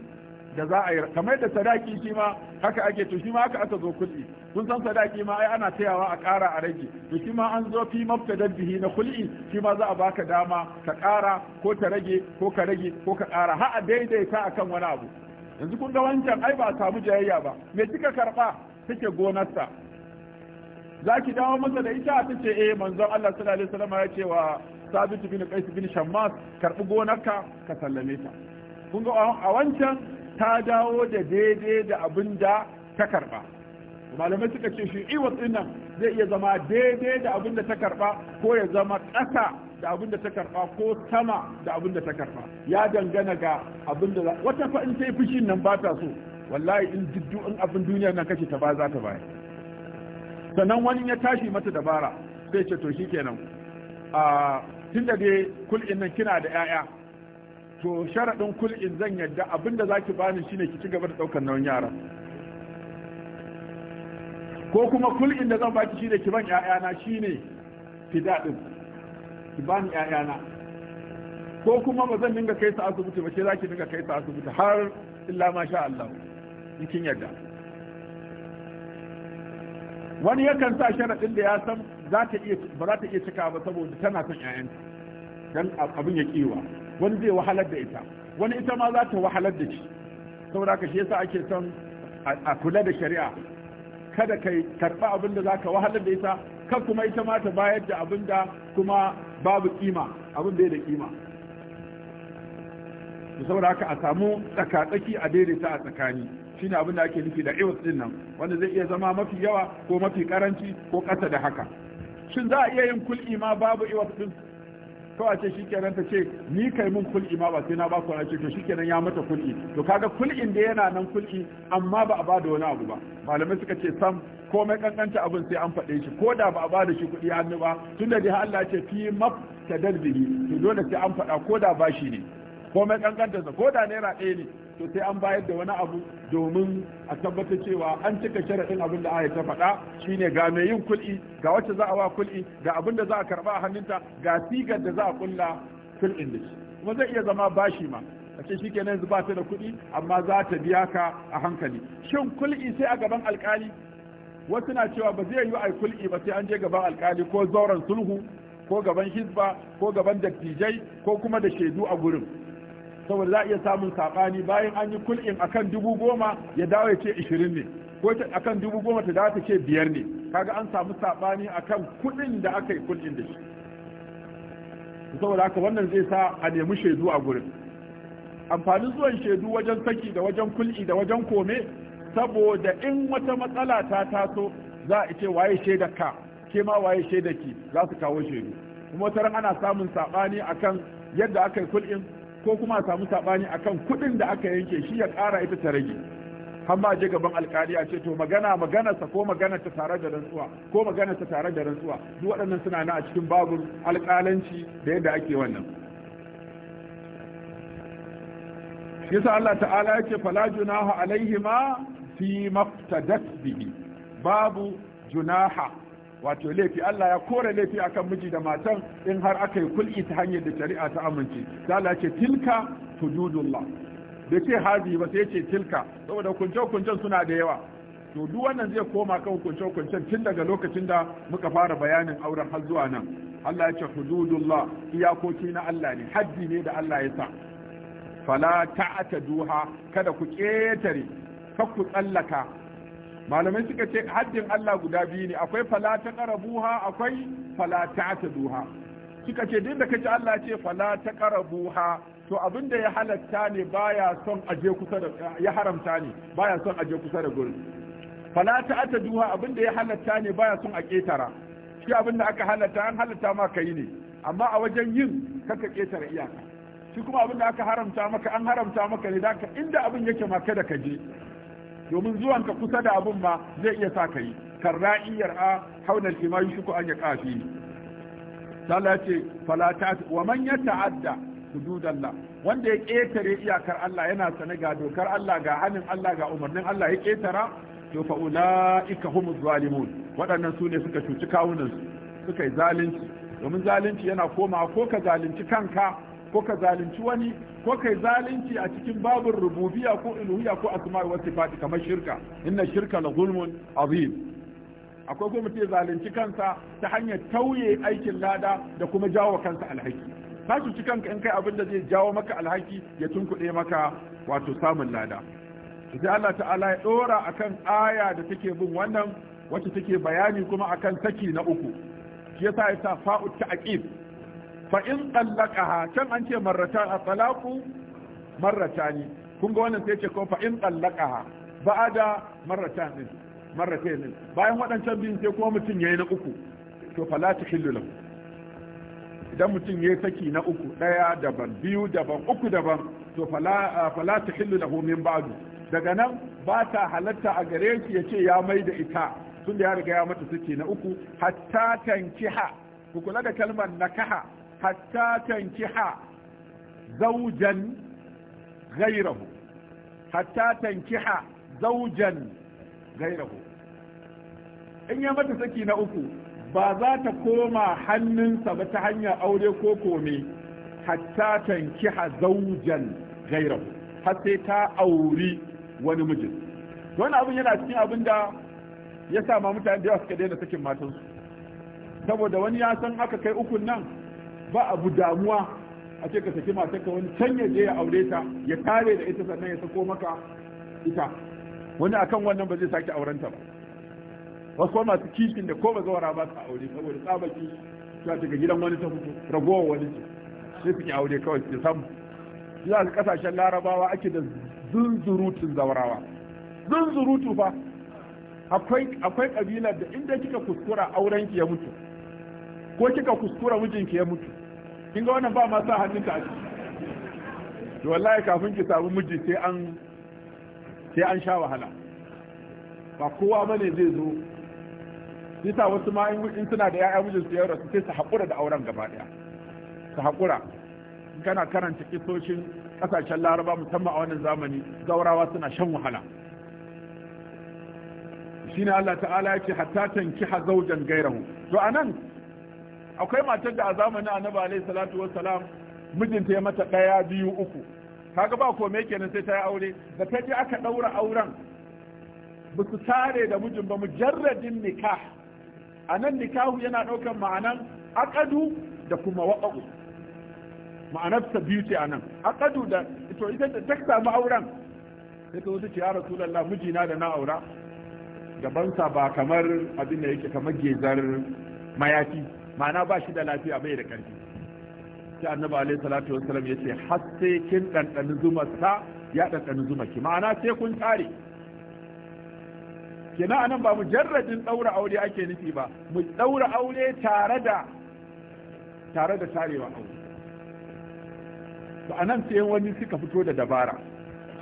da za a yi kamar da sadaki shi ma haka ake to shi ma haka aka zo kulli kun san sadaki ma ai ana tayawa a ƙara a rage to shi ma an zo fi mabtadar bihi na kulli shi ma za a baka dama ka ƙara ko ta rage ko ka rage ko ka ƙara har a daidaita akan wani abu yanzu kun ga wancan ai ba samu jayayya ba me kika karba take gonarsa za ki dawo masa da ita ta ce eh manzon Allah sallallahu alaihi wasallam ya ce wa Sabit bin Qais bin Shammas karbi gonarka ka sallame ta kun ga a wancan ta dawo da daidai da abin da ta karba malamai suka ce shi iwat dinnan zai iya zama daidai da abin da ta karba ko ya zama ƙasa da abin da ta karba ko sama da abin da ta karba ya dangana ga abin da wata fa in sai fushin nan ba ta so wallahi in jiddu in abin duniya nan kace ta ba za ta baya sannan wani ya tashi mata dabara sai ce to shikenan a ah, tunda dai kul nan kina da 'ya'ya to sharaɗin kul'in zan yadda abinda za ki bani shine ki ci gaba da ɗaukar nauyin yara ko kuma kul'in da zan baki shine ki ban ƴaƴana shine fi daɗin ki bani ƴaƴana ko kuma ba zan dinga kai su asibiti ba sai za ki dinga kai su asibiti har illa ma sha Allah in kin yadda wani yakan sa sharaɗin da ya san za ta iya ba za ta iya cika ba saboda tana son ƴaƴanta dan abin ya kiwa wani zai wahalar da ita wani ita ma za ta wahalar da shi saboda ka shi yasa ake son a kula da shari'a kada kai karba abin da zaka wahalar da ita ka kuma ita ma ta bayar da abin da kuma babu kima abin bai da kima saboda haka a samu tsakatsaki a daidaita a tsakani shine abin da ake nufi da iwas din nan wanda zai iya zama mafi yawa ko mafi karanci ko ƙasa da haka shin za a iya yin kul'i ma babu iwas din kawai ce shi kenan ta ce ni kai mun kul'i ma ba sai na ba ku ce to shi kenan ya mata kul'i to kaga kul'in da yana nan kul'i amma ba a bada wani abu ba malamai suka ce sam komai kankanta abin sai an faɗe shi ko da ba a bada shi kuɗi hannu ba tun da dai Allah ce fi maf tadalbihi to dole sai an faɗa ko da ba shi ne komai kankanta sa ko da naira ɗaya ne to sai an bayar da wani abu domin a tabbatar cewa an cika sharaɗin abin da aya ta faɗa shine ga mai yin kul'i ga wacce za a wa kul'i ga abin da za a karɓa a hannunta ga sigar da za a kulla kul'in da shi kuma zai iya zama bashi ma a ce shikenan yanzu ba ta da kuɗi amma za ta biya ka a hankali shin kul'i sai a gaban alkali wasu na cewa ba zai yi a kul'i ba sai an je gaban alkali ko zauren sulhu ko gaban hisba ko gaban dattijai ko kuma da shaidu a gurin saboda za a iya samun saɓani bayan an yi kul'in kan dubu goma ya dawo ya ce ishirin ne ko kan dubu goma ta dawo ta ce biyar ne kaga an samu saɓani a kan kuɗin da aka yi kul'in da shi saboda haka wannan zai sa a nemi shaidu a gurin amfanin zuwan shaidu wajen saki da wajen kul'i da wajen kome saboda in wata matsala ta taso za a ce waye shaida ka ke ma waye shaida ki za su kawo shaidu kuma wata ana samun saɓani a kan yadda aka yi kul'in ko kuma a samu saɓani kan kuɗin da aka yanke shi ya ƙara ita ta rage har ma je gaban alƙali a ce to magana maganarsa ko magana ta tare da rantsuwa ko magana ta tare da rantsuwa duk waɗannan suna na a cikin babun alƙalanci da yadda ake wannan yasa Allah ta'ala yake fala junaha alaihima fi maftadat bihi babu junaha wato laifi Allah ya kore laifi akan miji da matan in har aka yi kulki ta hanyar da shari'a ta amince Da Allah ce tilka hududullah da ce hazi ba sai ce tilka saboda kunce-kuncen suna da yawa to duk wannan zai koma kan kunce-kuncen tun daga lokacin da muka fara bayanin auren har zuwa nan Allah ya ce hududullah iyakoki na Allah ne haddi ne da Allah ya sa fala ta'ata duha kada ku ƙetare, kar ku tsallaka malamai suka ce haddin Allah guda biyu ne akwai fala ta akwai fala ta duha suka ce duk da kace Allah ce fala ta to abin da ya halatta ne baya son aje kusa da ya haramta ne baya son aje kusa da gurin fala ta duha abin da ya halatta ne baya son a ketara shi abin da aka halatta an halatta ma kai ne amma a wajen yin kaka ketara iyaka shi kuma abin da aka haramta maka an haramta maka ne da inda abin yake ma kada ka je domin zuwan ka kusa da abun ma zai iya sa ka yi karra'i yar'a jima'i shi ko an ya kafi sallah ce fala wa man yata'adda hududallah wanda ya ketare iyakar Allah yana sane ga dokar Allah ga hanin Allah ga umarnin Allah ya ketara to fa ulaika humuz zalimun waɗannan su ne suka cuci kawunan su suka yi zalunci domin zalunci yana komawa ko ka zalunci kanka ko ka zalunci wani ko kai zalunci a cikin babin rububiyya ko uluhiyya ko asma'i wa sifati kamar shirka inna shirka la zulmun azim akwai kuma mutum zalunci kansa ta hanyar tauye aikin lada da kuma jawo kansa alhaki ka ci kanka in kai abin da zai jawo maka alhaki ya tunkuɗe maka wato samun lada sai Allah ta'ala ya ɗora akan aya da take bin wannan wacce take bayani kuma akan saki na uku shi yasa ya sa fa'u ta'qib fa in tsallakaha can an ce marrata a talaku marrata ne kun ga wannan sai ce kuma fa in tsallakaha ba a da marrata ne marrata ne bayan waɗancan biyun sai kuma mutum ya yi na uku to fa la tuhillu lahu idan mutum ya yi saki na uku ɗaya daban biyu daban uku daban to fa la tuhillu lahu min ba'du daga nan ba ta halatta a gare shi ya ce ya mai da ita tun da ya riga ya mata saki na uku hatta tankiha ku kula da kalmar nakaha hatta tankiha zaujan gairahu zaujan gairahu in ya mata saki na uku ba za ta koma hannunsa ba ta hanyar aure ko kome hatta tankiha zaujan gairahu har sai ta auri wani mijin wani abin yana cikin abin da ya sama mutane da yawa suka daina sakin matansu saboda wani ya san aka kai ukun nan ba abu damuwa a ce ka saki matarka wani can je ya aure ta ya tare da ita sannan ya sako maka ita wani akan wannan ba zai sake aurenta ba wasu masu kishin da ko ba zawara ba ta aure saboda tsabaki ta daga gidan wani ta fito ragowar wani ce sai suke aure kawai su samu za su kasashen larabawa ake da zunzurutun zaurawa zunzurutu fa akwai akwai kabilar da inda kika kuskura aurenki ya mutu ko kika kuskura mijinki ya mutu kin ga wannan ba ma sa hannun ta aji? to wallahi kafin ki samu miji sai an sai an sha wahala ba kowa bane zai zo yasa wasu ma in suna da ya'ya mijin su yaura su sai su haƙura da auren gaba daya su haƙura kana karanta kisoshin kasashen laraba musamman a wannan zamani gaurawa suna shan wahala shine Allah ta'ala yake hatta ha zaujan gairahu to anan akwai matar da a zamanin annabi alaihi salatu wassalam mijinta ya mata ɗaya biyu uku kaga ba kome kenan sai ta yi aure da ta je aka ɗaura auren ba su tare da mijin ba mujarradin nikah a nan nikahu yana ɗaukar ma'anan aƙadu da kuma waƙa'u ma'anar ta biyu ce a nan Aƙadu da ito ita da ta samu auren sai ta wata ce ya rasulallah mijina da na aura gabansa ba kamar abin da yake kamar gezar mayafi ma'ana ba shi da lafiya bai da ƙarfi sai annabi alaihi salatu wasallam yace har sai kin ɗanɗani zuma sa ya ɗanɗani zuma ki ma'ana sai kun tsare kina anan ba mu mujarradin ɗaura aure ake nufi ba mu ɗaura aure tare da tare da tarewa aure to anan sai wani suka fito da dabara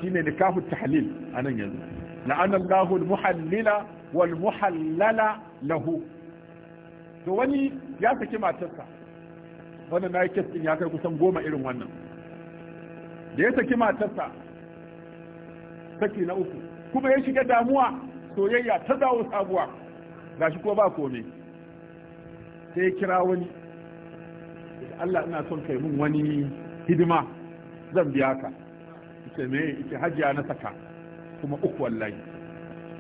shine nikahu tahlil anan yanzu la'ana Allahu muhallila wal muhallala lahu to wani ya saki matarsa wanda na yi kes ya kai kusan goma irin wannan da ya saki matarsa saki na uku kuma ya shiga damuwa soyayya ta dawo sabuwa shi ko ba komai sai ya kira wani Allah ina son kai mun wani hidima zan biya ka ita me ita hajiya na saka kuma uku wallahi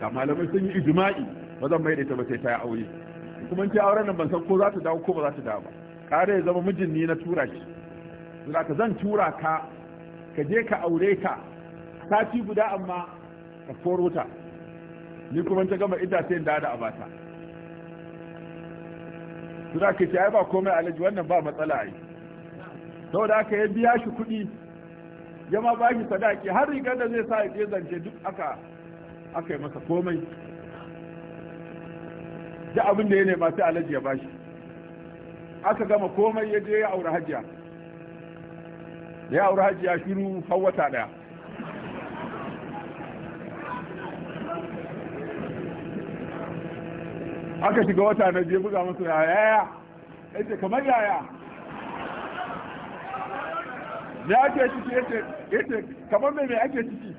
da malamai sun yi ijma'i ba zan mai da ita ba sai ta yi aure kuma ce auren nan ban san ko za ta dawo ko ba za ta dawo ba kare ya zama mijin ni na tura shi za ka zan tura ka ka je ka aure ka sati guda amma ka koro ta ni kuma ta gama ita sai da da abata za ka ce ai ba komai alaji wannan ba matsala ai saboda aka ya biya shi kuɗi ya ma ba shi sadaki har rigar da zai sa ya je zance duk aka aka yi masa komai da abin da ya nema sai alhaji ya bashi aka gama komai ya je ya aure hajiya ya aure hajiya shiru hawata daya aka shiga wata na je buga musu yaya ya ce kamar yaya ne ake ciki ya ce kamar mai mai ake ciki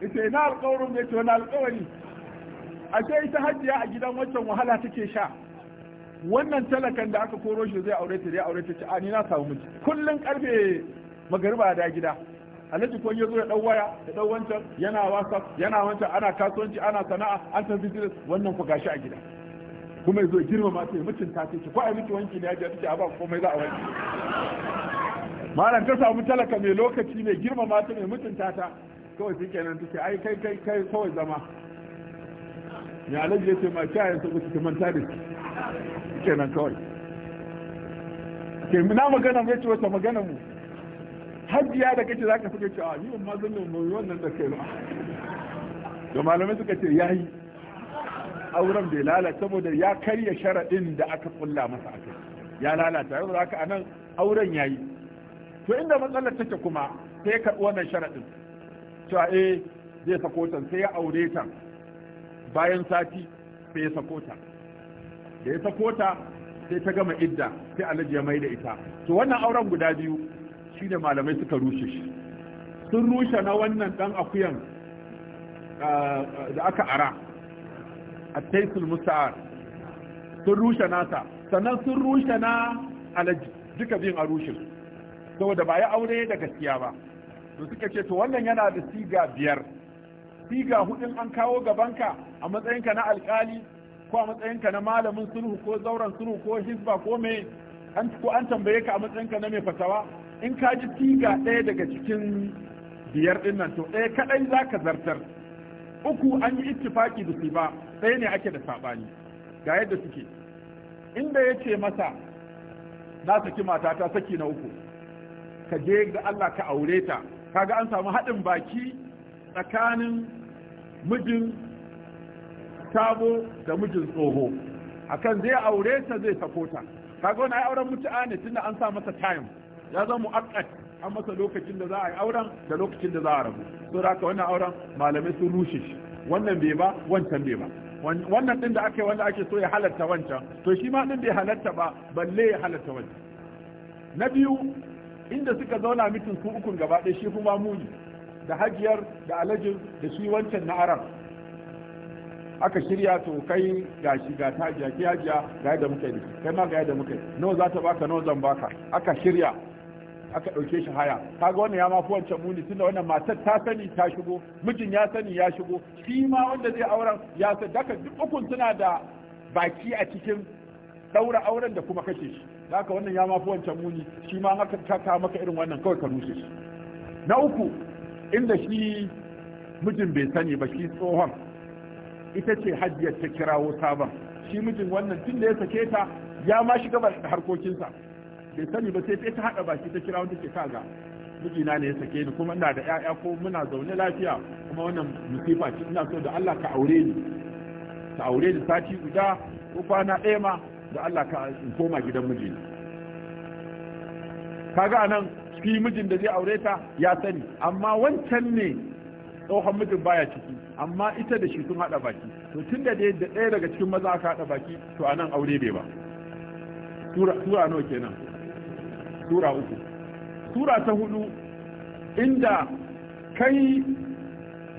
ita yana alkawarin mai ce wani alkawari A ce ita hajjiya a gidan wancan wahala take sha wannan talakan da aka koro shi zai aure ta zai aure ta ce a ni na samu miji kullun karfe magariba da gida alhaji ko ya zo ya dau waya ya dau wancan yana wasa yana wancan ana kasuwanci ana sana'a an san business wannan ku gashi a gida kuma ya zo girmama ta ya mutunta ta ce ko ai miki wanki ne ya ce a ba komai za a wanki malam ta samu talaka mai lokaci mai girma masu mai mutunta ta kawai shi kenan take ai kai kai kai kawai zama ya alaji ya ce ma kyayen su ta manta da shi kenan kawai ke na magana mai ce wata magana mu hajjiya da za ka fuka cewa a? Ah, ban ma zan mai wannan da kai ba da malamai suka ce ya yi auren bai lalata saboda ya karya sharaɗin da aka kulla masa a kai ya lalata yau a anan auren yi. to inda matsalar take kuma sai karɓi wannan sharaɗin cewa eh zai sako sai ya aure ta bayan sati sai ya sako ta da ya sako ta sai ta gama idda sai alhaji ya mai da ita to wannan auren guda biyu shi da malamai suka rushe shi sun rushe na wannan dan akuyan da aka ara a taisul musa'ar sun rushe nasa sannan sun rushe na alaji duka biyun a rushe saboda ba ya aure da gaskiya ba to suka ce to wannan yana da siga biyar siga hudun an kawo gabanka a matsayinka na alkali ko a matsayinka na malamin sulhu ko zauren sulhu ko hisba ko me an ko an tambaye ka a matsayinka na mai fatawa in ka ji tiga ɗaya daga cikin biyar ɗin nan to ɗaya kaɗai za ka zartar uku an yi ittifaki da su ba ɗaya ne ake da saɓani ga yadda suke inda ya ce masa na saki matata saki na uku ka je ga Allah ka aure ta kaga an samu haɗin baki tsakanin mijin Tabo da mijin tsoho akan zai aure ta zai tafo ta kaga wani auren mutu'a ne tunda an sa masa time ya zama mu'akkad an masa lokacin da za a yi auren da lokacin da za a rabu so da aka wannan auren malamai sun rushe shi wannan bai ba wancan bai ba wannan din da ake wanda ake so ya halatta wancan to shi ma din bai halatta ba balle ya halatta wancan na biyu inda suka zauna mitin su ukun gaba ɗaya shi kuma muni da hajiyar da alajin da shi wancan na arab aka shirya to kai ga shi ga ta ga ki hajiya ga yadda muka yi kai ma ga yadda muka yi nawa za ta baka nawa zan baka aka shirya aka ɗauke shi haya kaga wannan ya mafi wancan muni tunda wannan matar ta sani ta shigo mijin ya sani ya shigo shi ma wanda zai auren ya sa daka duk ukun suna da baki a cikin daura auren da kuma kashe shi haka wannan ya mafi wancan muni shi ma aka kaka maka irin wannan kawai ka rushe shi na uku inda shi mijin bai sani ba shi tsohon ita ce hajjiyar ta kirawo sabon shi mijin wannan tun da ya sake ta ya ma shiga ba da harkokinsa bai sani ba sai ta haɗa baki ta kirawo take ga mijina ne ya sake ni kuma ina da ƴaƴa ko muna zaune lafiya kuma wannan musifa ce ina so da Allah ka aure ni ka aure ni sati guda ko kwana ɗaya ma da Allah ka in koma gidan mijina kaga anan shi mijin da zai aure ta ya sani amma wancan ne tsohon mijin baya ciki amma ita da shi sun haɗa baki to tun da dai da ɗaya daga cikin maza aka haɗa baki to a nan aure bai ba sura nawa kenan sura uku sura ta hudu inda kai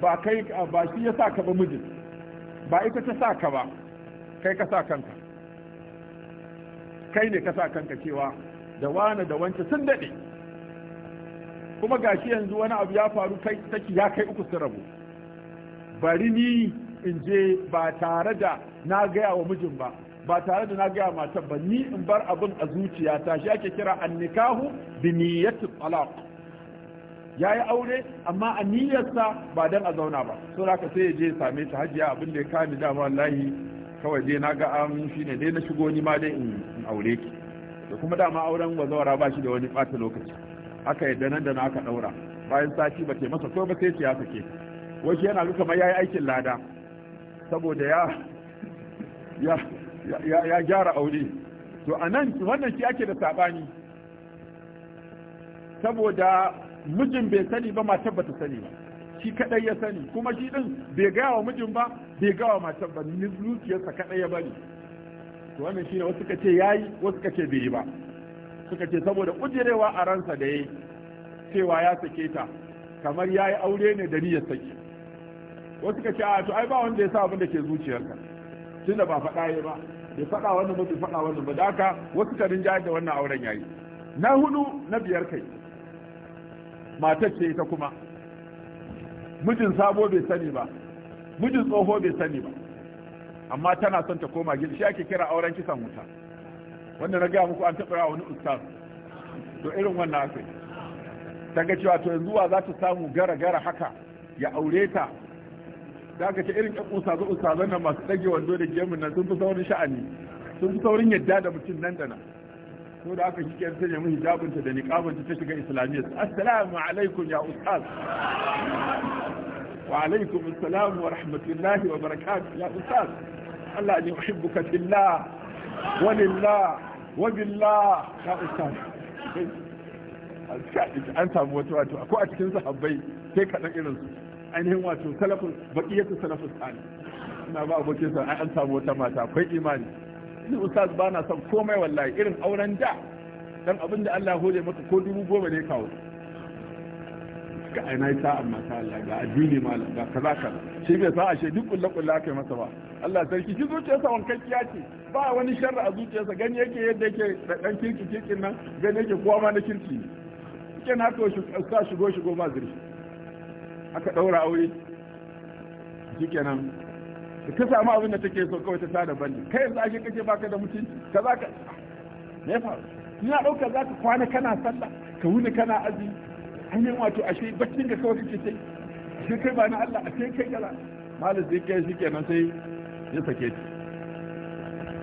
ba kai ba shi ya sa ka ba mijin ba ita ta sa ka ba kai ka sa kanka kai ne ka sa kanka cewa da wane da wance sun daɗe kuma gashi yanzu wani abu ya faru kai take ya kai uku sun rabu bari ni in je ba tare da na gaya wa mijin ba ba tare da na gaya mata ba ni in bar abin a zuciya ta shi ake kira an annikahu bi niyyati talaq yayi aure amma a niyyarsa ba dan a zauna ba so haka sai ya je same ta hajiya abin da ya kani da wallahi kawai je na ga an shine dai na shigo ni ma dai in aure ki da kuma dama auren wazawara ba shi da wani ɓata lokaci aka yadda nan da na aka ɗaura bayan sati ba ke masa ko ba sai siyasa ke wasu yana duka mai ya yi aikin lada saboda ya gyara aure to a nan wannan shi ake da saɓani saboda mijin bai sani ba matar ba ta sani ba shi kadai ya sani kuma shi din bai gaya wa mijin ba bai gaya wa matar ba ni zuciyarsa kadai ya bari to wannan shi ne wasu ka ce ya yi, wasu ce bai yi ba suka ce saboda kujerewa a ransa da ya yi, cewa ya sake ta kamar ya yi aure ne da niyyar saki wasu ka ce a to ai ba wanda ya sa abin da ke zuciyarka tun da ba faɗa ya ba ya faɗa wannan su faɗa wannan ba da aka wasu ka rinja da wannan auren yayi na hudu na biyar kai matar ce ita kuma mijin sabo bai sani ba mijin tsoho bai sani ba amma tana son ta koma gidi shi ake kira auren kisan wuta wanda na gaya muku an taɓa wani ustaz to irin wannan akwai ta ga cewa to yanzu wa za ta samu gara gara haka ya aure ta da aka ce irin ƴan usazu usazan nan masu ɗage wando da gemun nan sun fi saurin sha'ani sun fi saurin yadda da mutum nan da nan ko da aka kike sanya nemi hijabinta da niqabinta ta shiga islamiyya assalamu alaikum ya ustaz wa alaikum assalam wa rahmatullahi wa barakatuh ya ustaz Allah ne uhibbuka fillah wa lillah wa billah ya ustaz an samu wato wato ko a cikin sahabbai sai kaɗan irinsu ainihin wato salafin baqiyatu salafin tsari ina ba abokin sa an samu wata mata akwai imani ni ustaz ba na son komai wallahi irin auren da dan abin da Allah hore maka ko dubu goma ne kawo ga aina ta amma ta Allah ga addini malam ga kaza kaza shi bai sa ashe duk kullu kullu kai masa ba Allah sarki shi zuciyarsa wankakkiya ce ba wani sharri a zuciyarsa gani yake yadda yake da dan kirki kirkin nan gani yake kowa ma na kirki ne kenan haka shi shigo shigo ma zurfi aka ɗaura aure kenan da ta samu abin da take so kawai ta sada bandi kai yanzu ake kake baka da mutunci ka za ka me ni na ɗauka za ka kwana kana sallah ka wuni kana azumi ainihin wato ashe baccin ka kawai kake sai ashe kai ba na Allah Sai kai kaza malam zai kai kenan sai ya sake ta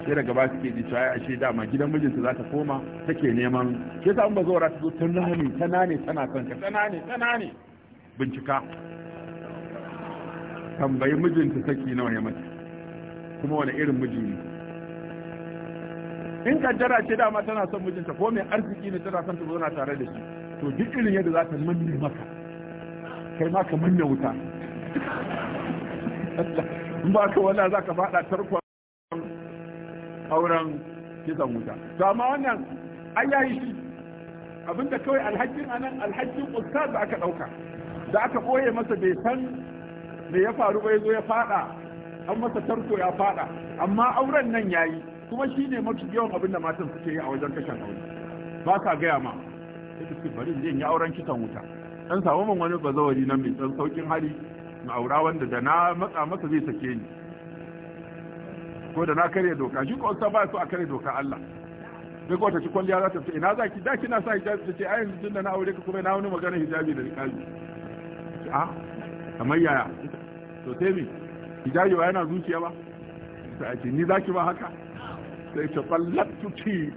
sai daga ba suke ji cewa ashe dama gidan mijinta za ta koma take neman ke sa an bazora ta zo tana ne tana ne tana kanka tana ne tana ne bincika tambayi mijinta saki nawa ya mace kuma wani irin miji ne in kaddara ce dama tana son mijinta ko mai arziki ne tana son ta zauna tare da shi to duk irin yadda za ta manne maka kai ma ka manne wuta in ba ka wala za ka faɗa tarkon auren kisan wuta to amma wannan an yayi shi abinda kawai alhakin anan alhakin ustaz aka ɗauka da aka ɓoye masa bai san me ya faru ba ya zo ya fada an masa tarko ya fada amma auren nan ya yi kuma shi ne mafi yawan abin da matan suke yi a wajen kashen aure ba sa gaya ma sai ce bari zai yi auren kitan wuta dan samu man wani bazawari nan mai ɗan saukin hali na aura wanda da na matsa masa zai sake ni ko da na karya doka shi ko ba su a karya doka Allah sai ko ta ci kwalliya za ta ce ina za ki da kina sa hijabi ta ce ayin da na aure ka kuma na wani magana hijabi da riƙabi a kamar yaya to sai mi hijayi wa yana zuciya ba ta ake ni zaki ba haka sai ce tsallatu ki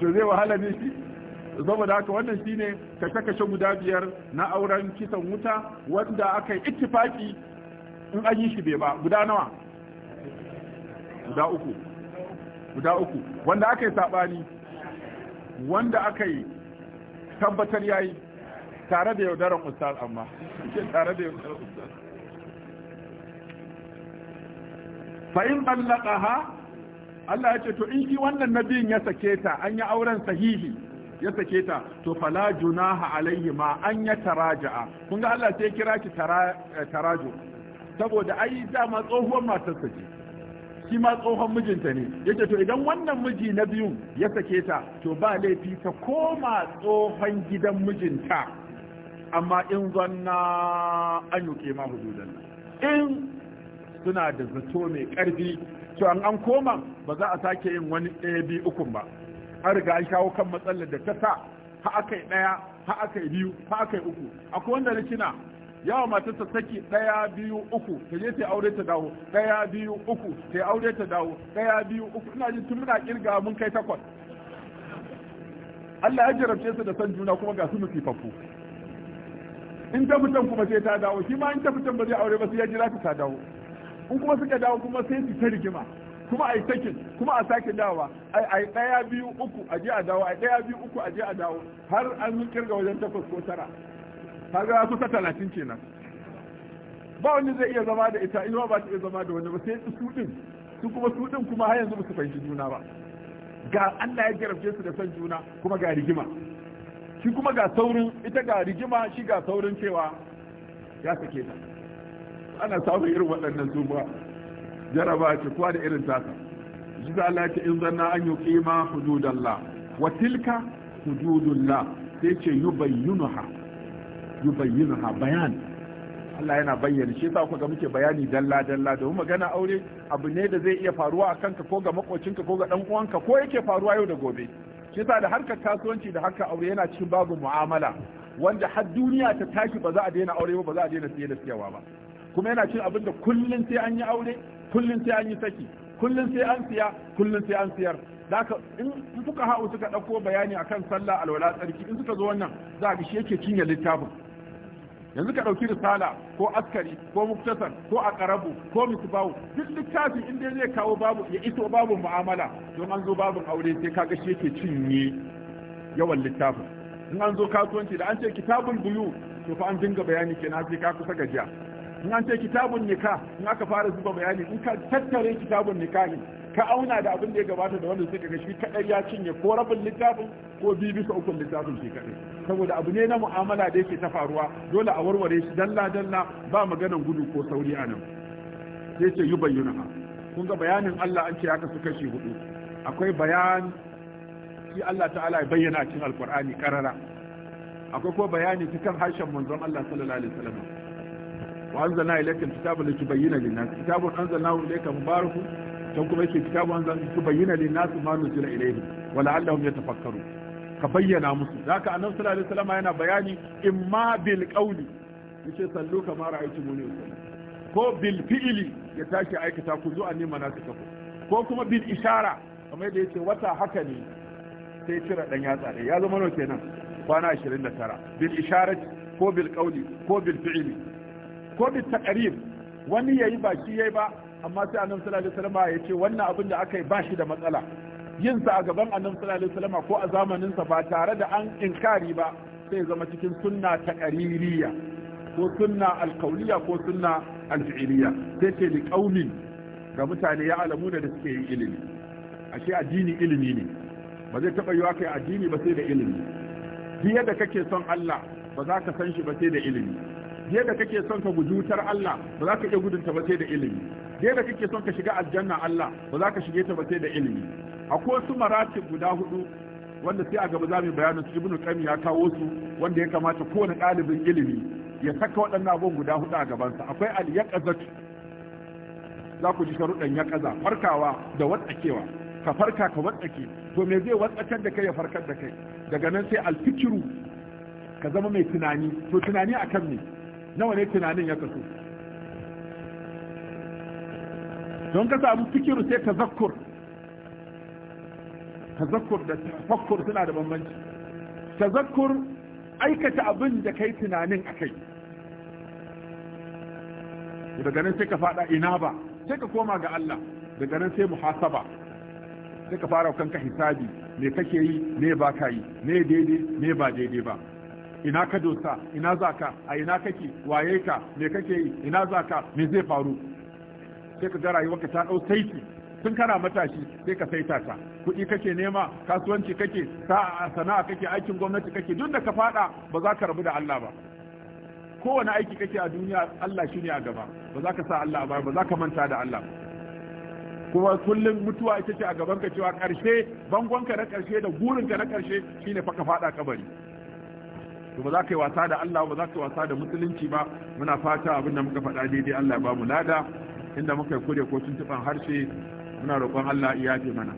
to zai wahala ne shi da haka wannan shine kashe-kashe guda biyar na auren kisan wuta wanda aka yi itifaki in an yi shi bai ba guda nawa guda uku guda uku wanda aka yi sabani wanda aka yi tabbatar yayi tare da yaudaran ustaz amma ke tare da ustaz Allah ya ce to in ki wannan nabiyin ya sake ta an yi auren sahihi ya sake ta to fala junaha alaihi ma an ya taraja'a kun ga Allah sai kira ki eh, tarajo saboda ai dama tsohuwar matarsa ce shi ma tsohon mijinta ne yace to idan wannan miji na biyun ya sake ta to ba laifi ta koma tsohon gidan mijinta amma in zanna an yuke ma hududan in suna da zato mai karfi to an an koma ba za a sake yin wani ɗaya biyu ukun ba an riga an shawo kan matsalar da ta sa ha aka yi ɗaya ha aka yi biyu ha aka yi uku akwai wanda na kina yawa ta saki ɗaya biyu uku ta je ta aure ta dawo ɗaya biyu uku ta aure ta dawo ɗaya biyu uku ina jin tun muna kirga mun kai takwas Allah ya jarabce su da san juna kuma ga su fafu. in ta fitan kuma sai ta dawo shi ma in ta fitan ba zai aure ba sai ya jira ta dawo in kuma suka dawo kuma sai su ta rigima kuma a yi sakin kuma a sake dawa a yi ɗaya biyu uku a je a dawo a yi ɗaya biyu uku a je a dawo har an yi kirga wajen takwas ko tara ga kusa talatin kenan ba wani zai iya zama da ita ina ba ta iya zama da wani ba sai su din su kuma su din kuma har yanzu ba su fahimci juna ba ga Allah ya jarabce su da son juna kuma ga rigima shi kuma ga saurin ita ga rigima shi ga saurin cewa ya sake ta ana samun irin waɗannan su jaraba ce kuwa da irin tasa shi za Allah ce in zanna an yi kima hududallah wa tilka hududullah sai ce yubayyinuha yubayyinuha bayan Allah yana bayyana shi sa ku ga muke bayani dalla dalla mu magana aure abu ne da zai iya faruwa a kanka ko ga makocinka ko ga dan uwanka ko yake faruwa yau da gobe shi da harkar kasuwanci da harkar aure yana cikin babu mu'amala wanda har duniya ta tashi ba za a daina aure ba ba za a daina siye da siyarwa ba kuma yana cin abin da kullun sai an yi aure kullun sai an yi saki kullun sai an siya kullun sai an siyar zaka in suka ha'u suka ɗauko bayani akan sallah alwala tsarki in suka zo wannan za a ga shi yake cinye littafin yanzu ka ɗauki risala ko askari ko muktasar ko a karabu ko misbahu duk littafin inda zai kawo babu ya iso babu mu'amala don an zo babu aure sai ka shi yake cinye yawan littafin in an zo kasuwanci da an ce kitabun buyu to fa an dinga bayani kenan sai ka kusa gajiya in an ce kitabun nikah in aka fara zuba bayani in ka tattare kitabun nikahin ka auna da abin da ya gabata da wanda suka gashi shi kadai ya cinye ko rabin littafin ko biyu bisa ukun littafin shi kadai saboda abu ne na mu'amala da yake ta faruwa dole a warware shi dalla dalla ba maganan gudu ko sauri a nan sai ce yi bayyana kun ga bayanin Allah an ce ya kasu kashi hudu akwai bayan shi Allah ta'ala ya bayyana cikin alqur'ani karara akwai ko bayani cikin kan harshen manzon Allah sallallahu alaihi wasallam wa anzalna ilayka kitaba litubayyana lin-nas kitabun anzalnahu ilayka mubarakun don kuma yake kitabun zan su bayyana lin nasu ma nuzila ilayhi wa la'allahum yatafakkaru ka bayyana musu zaka annabi sallallahu alaihi wasallam yana bayani imma bil qawli yace sallu kama ra'aytumuni usalli ko bil fi'li ya tashi aikata ku zuwa ne manasikaku ko kuma bil ishara kamar da yace wata haka ne sai cire dan yatsa ɗaya ya zama nawa kenan kwana 29 bil isharati ko bil qawli ko bil fi'li ko bil taqrib wani yayi ba shi yayi ba amma sai annabi sallallahu alaihi wasallam ya ce wannan abin da aka yi ba shi da matsala yin sa a gaban annabi sallallahu alaihi wasallam ko a zamanin sa ba tare da an inkari ba sai zama cikin sunna ta qaririya ko sunna alqauliya ko sunna alfi'liya sai ce li qaulin ga mutane ya alamu da suke yin ilimi ashe addini ilimi ne ba zai taba yiwa kai addini ba sai da ilimi diya da kake son Allah ba za ka san shi ba sai da ilimi diya da kake son ka guji Allah ba za ka iya gudunta ba sai da ilimi ke da kake son ka shiga aljanna Allah ba za ka shige ta ba sai da ilimi akwai su marati guda hudu wanda sai a gaba za mu bayanin su ibnu qayyim ya kawo su wanda ya kamata kowane ɗalibin ilimi ya saka waɗannan abubuwan guda hudu a gabansa akwai al yaqazat za ku ji sharuɗan yaqaza farkawa da watsakewa ka farka ka watsake to me zai watsakar da kai ya farkar da kai daga nan sai al fikiru ka zama mai tunani to tunani akan ne nawa ne tunanin ya kaso don ka samu fikiru sai tazakkur tazakkur da tafakkur suna da bambanci tazakkur aikata abin da kai tunanin akai daga nan sai ka fada ina ba sai ka koma ga Allah daga nan sai muhasaba sai ka fara kanka hisabi me kake yi me ba ka yi me daidai me ba daidai ba ina ka dosa ina zaka a ina kake waye ka me kake yi ina zaka me zai faru sai ka ga rayuwarka ta ɗau saiti tun kana matashi sai ka saita ta kuɗi kake nema kasuwanci kake sana'a kake aikin gwamnati kake duk da ka faɗa ba za ka rabu da Allah ba kowane aiki kake a duniya Allah shi ne a gaba ba za ka sa Allah ba ba za ka manta da Allah kuma kullum mutuwa ita ce a gaban ka cewa karshe bangonka na karshe da burinka na karshe shine fa ka faɗa kabari to ba za ka yi wasa da Allah ba za ka yi wasa da musulunci ba muna fata abin da muka faɗa daidai Allah ya ba mu lada inda muka kure ko tuban harshe muna roƙon Allah ya yafe mana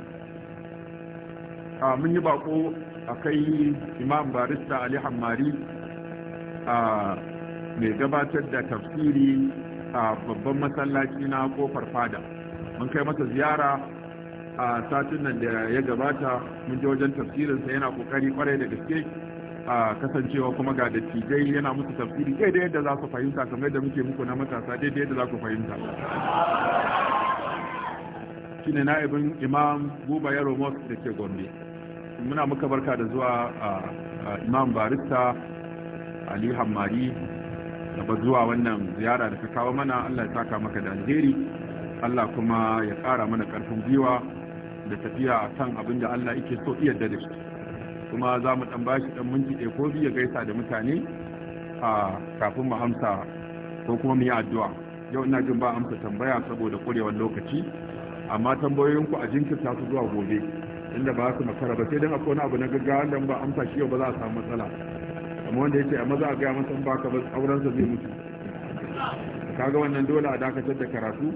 mun yi bako akai imam barista ali hammari mai gabatar da tafsiri a babban masallaci na kofar fada mun kai masa ziyara a satin nan da ya gabata mun je wajen tafsirinsa yana kokari kwarai da gaske a kasancewa kuma ga dattijai yana musu tafsiri daidai yadda za ku fahimta kamar da muke muku na matasa daidai yadda za ku fahimta shine na'ibin imam guba yaro mosque da ke gombe muna muka barka da zuwa a imam barista ali hammari da zuwa wannan ziyara da ka kawo mana allah ya saka maka da alheri allah kuma ya kara mana karfin gwiwa da tafiya kan abin da allah yake so iya da shi kuma za mu ɗan bashi ɗan minti ɗaya ko biyu ya gaisa da mutane a kafin mu amsa ko kuma mu yi addu'a yau ina jin ba amsa tambaya saboda ƙurewar lokaci amma tambayoyinku a jinkirta su zuwa gobe inda ba su makara ba sai dan akwai wani abu na gaggawa da ba amsa shi yau ba za a samu matsala amma wanda yake amma za a gaya masa ba ka ba auren sa zai mutu kaga wannan dole a dakatar da karatu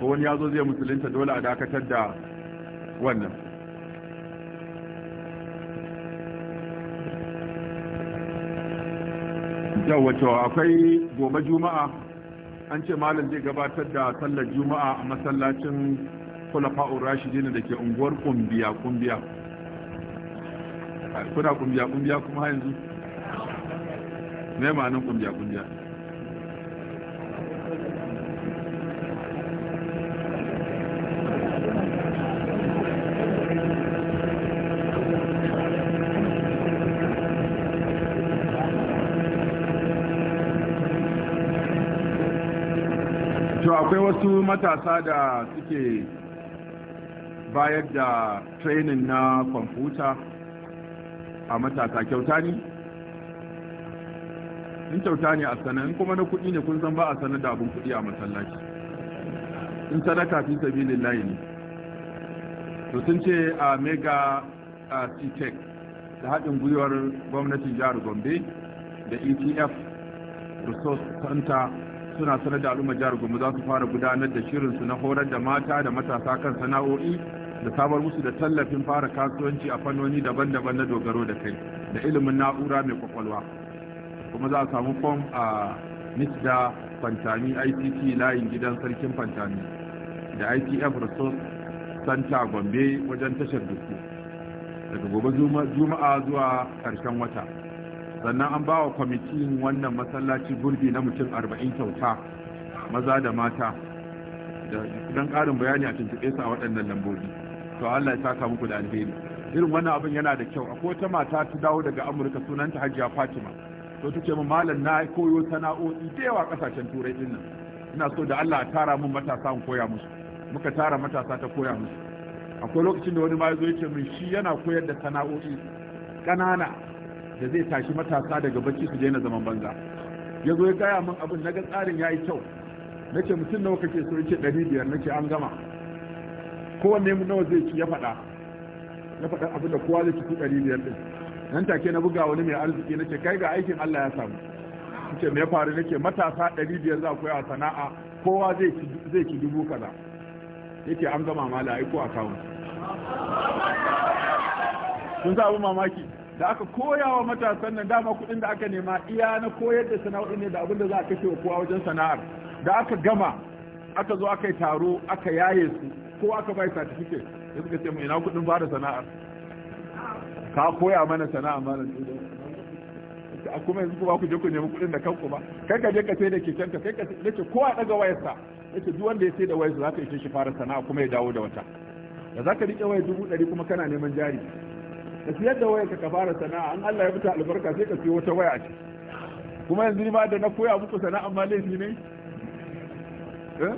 ko wani yazo zai musulunta dole a dakatar da wannan yawacewa akwai gobe juma'a an ce malam zai gabatar da sallar juma'a a masallacin kulafa'ur rashidina da ke unguwar kumbiya kumbiya kuna kumbiya kumbiya kuma yanzu ne ma'anin kumbiya kumbiya akwai wasu matasa da suke bayar da training na kwamfuta a matasa kyauta ne in kyauta ne a sanar in kuma na kuɗi ne kun san ba a sanar da abin kuɗi a masallaci in sadaka fi sabilin layi ne to sun ce a mega a tech da haɗin gwiwar gwamnatin jihar gombe da etf resource center suna sanar da al'umma jihar Gombe za su fara gudanar da shirin su na horar da mata da matasa kan sana'o'i da samar musu da tallafin fara kasuwanci a fannoni daban-daban na dogaro da kai da ilimin na'ura mai kwakwalwa kuma za a samu fom a nisda fantami ict layin gidan sarkin fantami da itf resource center gombe wajen tashar duku daga gobe juma'a zuwa karshen wata sannan an ba wa kwamitin wannan masallaci gurbi na mutum arba'in kyauta maza da mata don karin bayani a tuntuɓe su a waɗannan lambobi to Allah ya saka muku da alheri irin wannan abin yana da kyau akwai wata mata ta dawo daga Amurka sunanta Hajiya Fatima to take min malam na koyo sana'o'i da yawa kasashen turai din nan ina so da Allah ya tara min matasa in koya musu muka tara matasa ta koya musu akwai lokacin da wani ma ya zo yake min shi yana koyar da sana'o'i kanana da zai tashi matasa daga bacci su daina zaman banza ya zo ya gaya min abin na ga tsarin ya yi kyau na ce mutum nawa kake so yake ɗari biyar na ce an gama kowanne mu nawa zai ci ya faɗa na faɗa abin da kowa zai ci ɗari biyar ɗin nan take na buga wani mai arziki na ce kai ga aikin Allah ya samu ce me ya faru na ce matasa ɗari biyar za koya sana'a kowa zai ci dubu kaza yake an gama mala aiko a kawo sun sa abin mamaki da aka koya wa matasan nan dama kuɗin da aka nema iya na koyar da sana'o'i ne da abin da za a kashe wa kowa wajen sana'ar da aka gama aka zo aka yi taro aka yaye su ko aka bai satifiket, da suka ce mu ina kuɗin ba da sana'ar ka koya mana sana'a malam a kuma yanzu ba ku je ku nemi kuɗin da kanku ba kai ka je ka sai da keken ka kai ka ko a daga wayarsa yace duk wanda ya sai da wayarsa ka ishe shi fara sana'a kuma ya dawo da wata da zaka rike waya dubu ɗari kuma kana neman jari ka siyar da waya ka fara sana'a an Allah ya fita albarka sai ka siyo wata waya ce kuma yanzu ni ma da na koya muku sana'a amma laifi ne eh?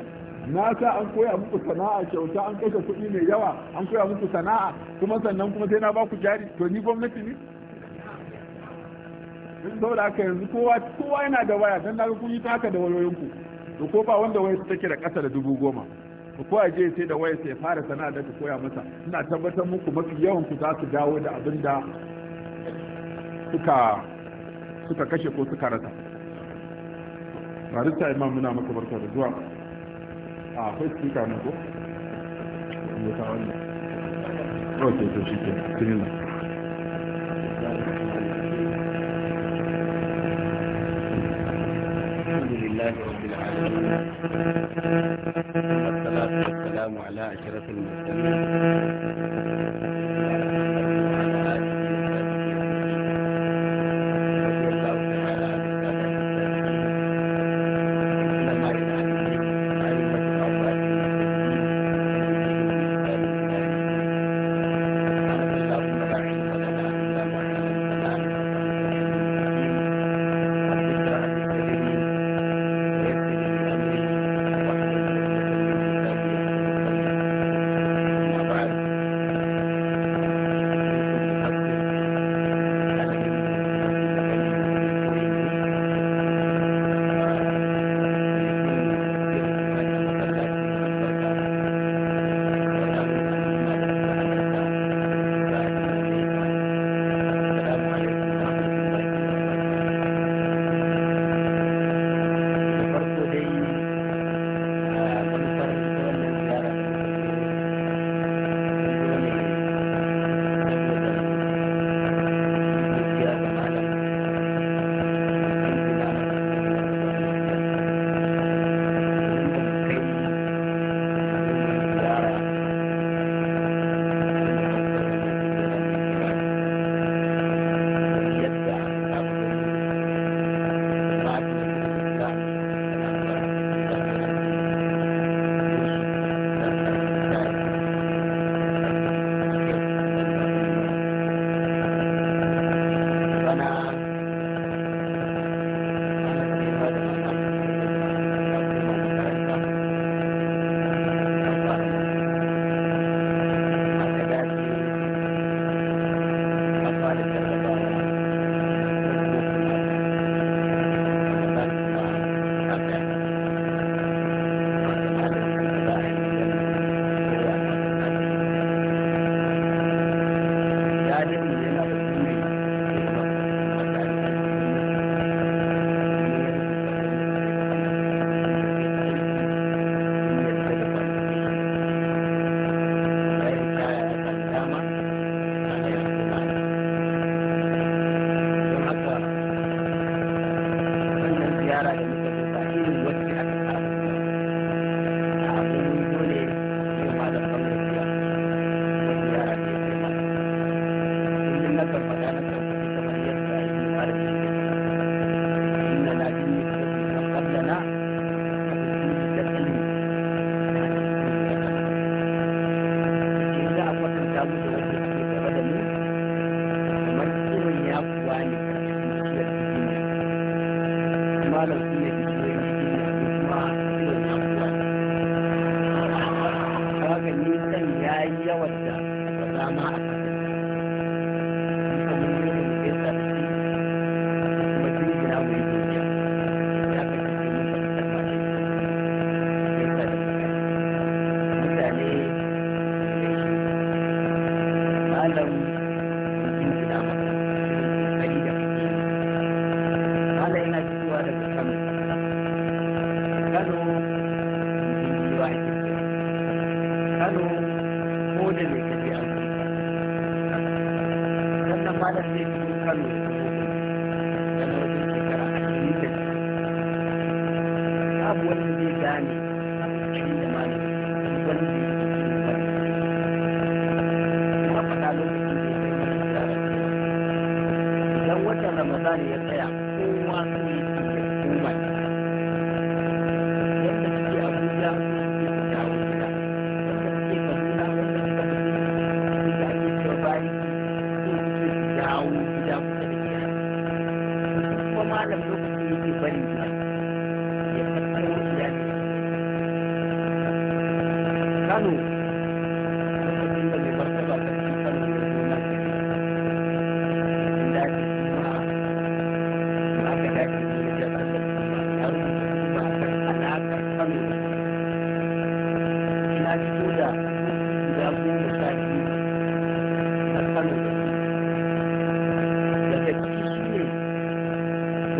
na sa an koya muku sana'a kyauta an kashe kuɗi mai yawa an koya muku sana'a kuma sannan kuma sai na ba ku jari to ni gwamnati ne In saboda haka yanzu kowa kowa yana da waya dan na ga kun yi ta haka da wayoyinku to ko ba wanda waya take da ƙasa da dubu goma ko a je sai da waya sai fara sana'a da koya masa ina tabbatar muku mafi yawan ku za su dawo da abin da suka kashe ko suka rasa barista imam muna maka barka da zuwa a akwai speaker ne ko ne ta وعلى أشرف المرسلين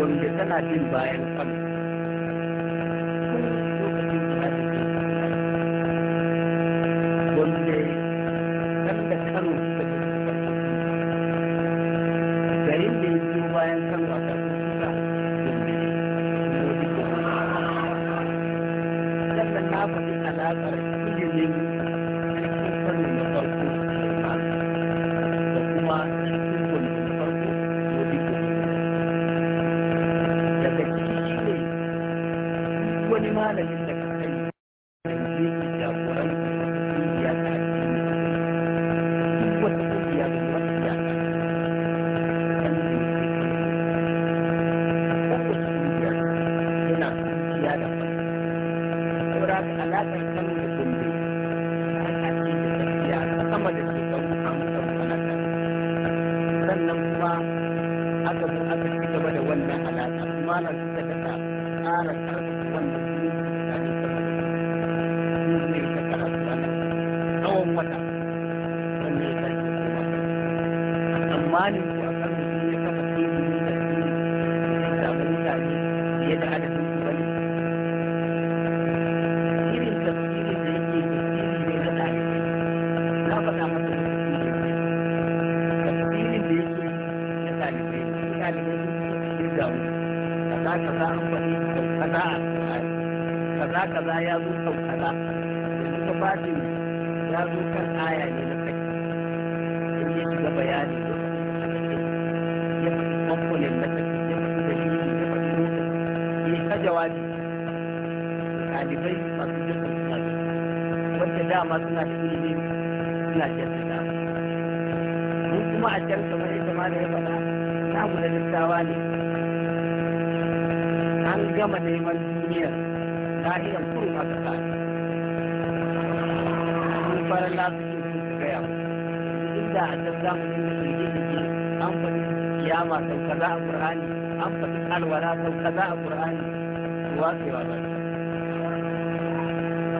wanda tana jin bayan kan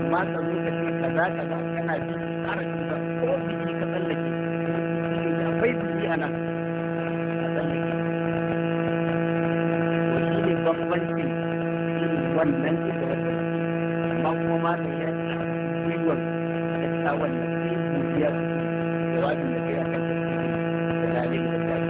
amma ka zo ka ce kaza kaza kana ji tsara kaza ko biki ka tsallake akwai biki a nan a tsallake shi ne bambancin wannan ita wata amma kuma ma ka yi a cikin gwiwar da ta wannan sai godiya jawabin da kai akan da dalilin da ta yi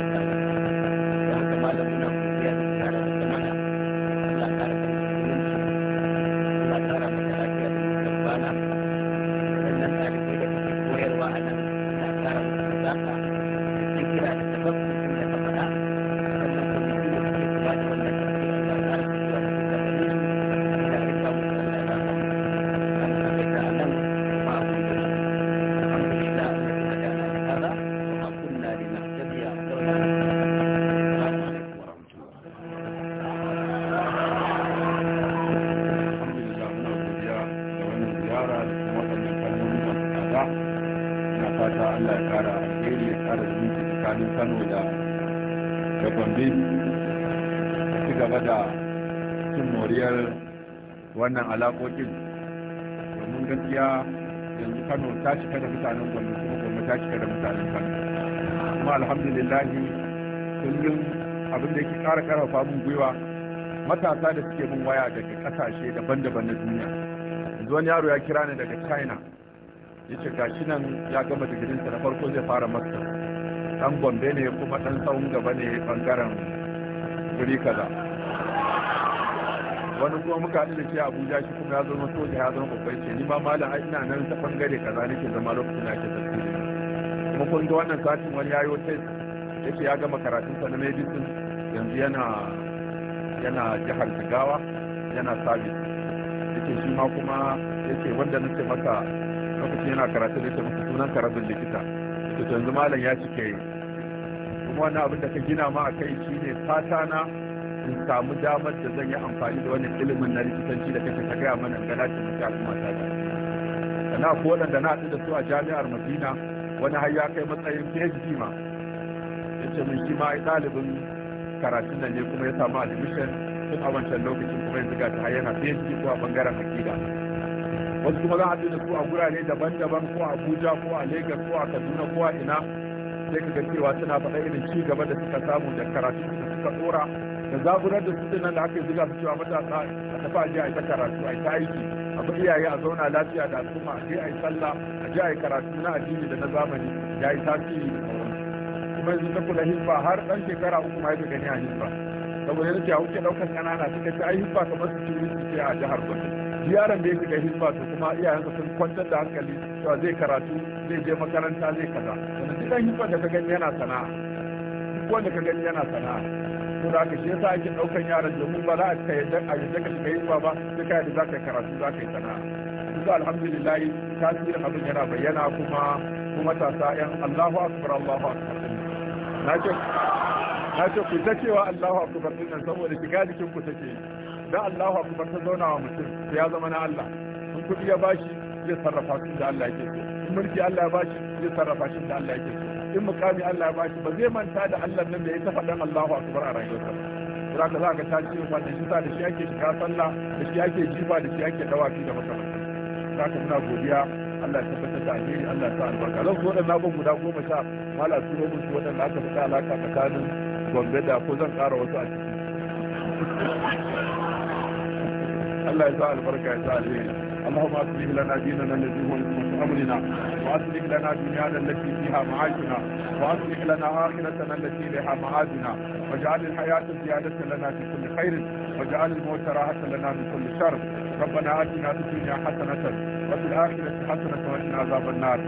wannan alaƙoƙin domin gaskiya yanzu kano ta cika da mutanen gwamnati kuma gwamnati ta cika da mutanen kano kuma alhamdulillah kullum abin da yake ƙara ƙarfafa min gwiwa matasa da suke min waya daga ƙasashe daban-daban na duniya yanzu wani yaro ya kira ni daga china ya ce gashi nan ya gama digirinsa na farko zai fara master dan gombe ne kuma dan tsawon gaba ne bangaren guri kaza wani kuma muka da ke abuja shi kuma ya zama soja ya zama babban ce ni ma malam ai ina nan ta bangare kaza nake zama lokacin da ake tasiri kuma kun ga wannan satin wani yayo test yake ya gama karatun sa na medicine yanzu yana yana jihar jigawa yana service ke shi ma kuma ya ce wanda na ce masa lokacin yana karatun ke masa sunan karatun likita ke yanzu malam ya cike kuma wani abin da ka gina ma a kai ne fata na in samu damar da zan yi amfani da wannan ilimin na likitanci da kake ta gaya mana ga lati mu mace al'umma da na ko da na haɗu da su a jami'ar madina wani har ya kai matsayin phd ma yace mun shi ma ai ɗalibin karatun nan ne kuma ya samu admission tun a wancan lokacin kuma yanzu ga ta yana phd ko a ɓangaren hakika wasu kuma za a da su a gurare daban-daban ko a abuja ko a lagos ko a kaduna ko a ina sai ka ga cewa suna faɗa irin ci gaba da suka samu da karatu da suka tsora da zaburar da su nan da aka zuga su cewa matasa a tafi aje a yi ta karatu a yi ta aiki a bi iyaye a zauna lafiya da al'umma a je a yi sallah a je a yi karatu na addini da na zamani ya yi tasiri da kuma yanzu na kula hifa har ɗan shekara uku ma ya gani a hifa saboda yadda a wuce ɗaukar ƙanana suka ce ai hifa kamar su wuce ce a jihar Bauchi ziyaran da ya shiga hifa to kuma iyayensa sun kwantar da hankali cewa zai karatu zai je makaranta zai kaza wanda duk ɗan hifa da ka gani yana sana'a duk wanda ka gani yana sana'a ko da aka shi yasa ake ɗaukan yaran domin ba za a ka yadda a yadda ka shiga yunwa ba sai ka yadda za ka yi karatu za ka yi sana'a yanzu alhamdulillah tasirin abin yana bayyana kuma kuma matasa yan Allahu akbar Allahu akbar na ce na ce ku ta cewa Allahu akbar din nan saboda shiga jikin ku take dan Allahu akbar ta zauna wa mutum ya zama na Allah in kuɗi ya bashi zai sarrafa shi da Allah yake so in mulki Allah ya bashi zai sarrafa shi da Allah yake so in mukami Allah ya bashi ba zai manta da Allah nan da ya tafa dan Allahu akbar a rayuwarsa za ka za ka ta ce da shi da shi ake shiga sallah da shi ake jifa da shi ake dawafi da makamantan za ka muna godiya Allah ya tabbatar da alheri Allah ya sa albarka zan zo da na ban guda goma sha mala turo mun su na aka da alaka tsakanin gombe da ko zan ƙara wasu a ciki Allah ya sa albarka ya sa alheri اللهم أسلم لنا ديننا الذي هو عصمة أمرنا وأسلم لنا دنيانا التي فيها معاشنا وأسلم لنا آخرتنا التي لها معادنا واجعل الحياة زيادة لنا في كل خير واجعل الموت راحة لنا من كل شر ربنا آتنا في الدنيا حسنة وفي الآخرة حسنة وقنا عذاب النار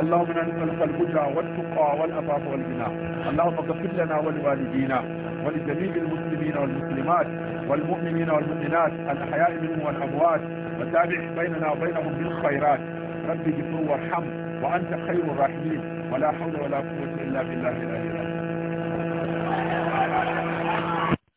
اللهم انا نسالك الهدى والتقى والعفاف والغنى اللهم اغفر لنا ولوالدينا ولجميع المسلمين والمسلمات والمؤمنين والمؤمنات الاحياء منهم والاموات وتابع بيننا وبينهم بالخيرات رب اغفر وارحم وانت خير الراحمين ولا حول ولا قوه الا بالله العلي العظيم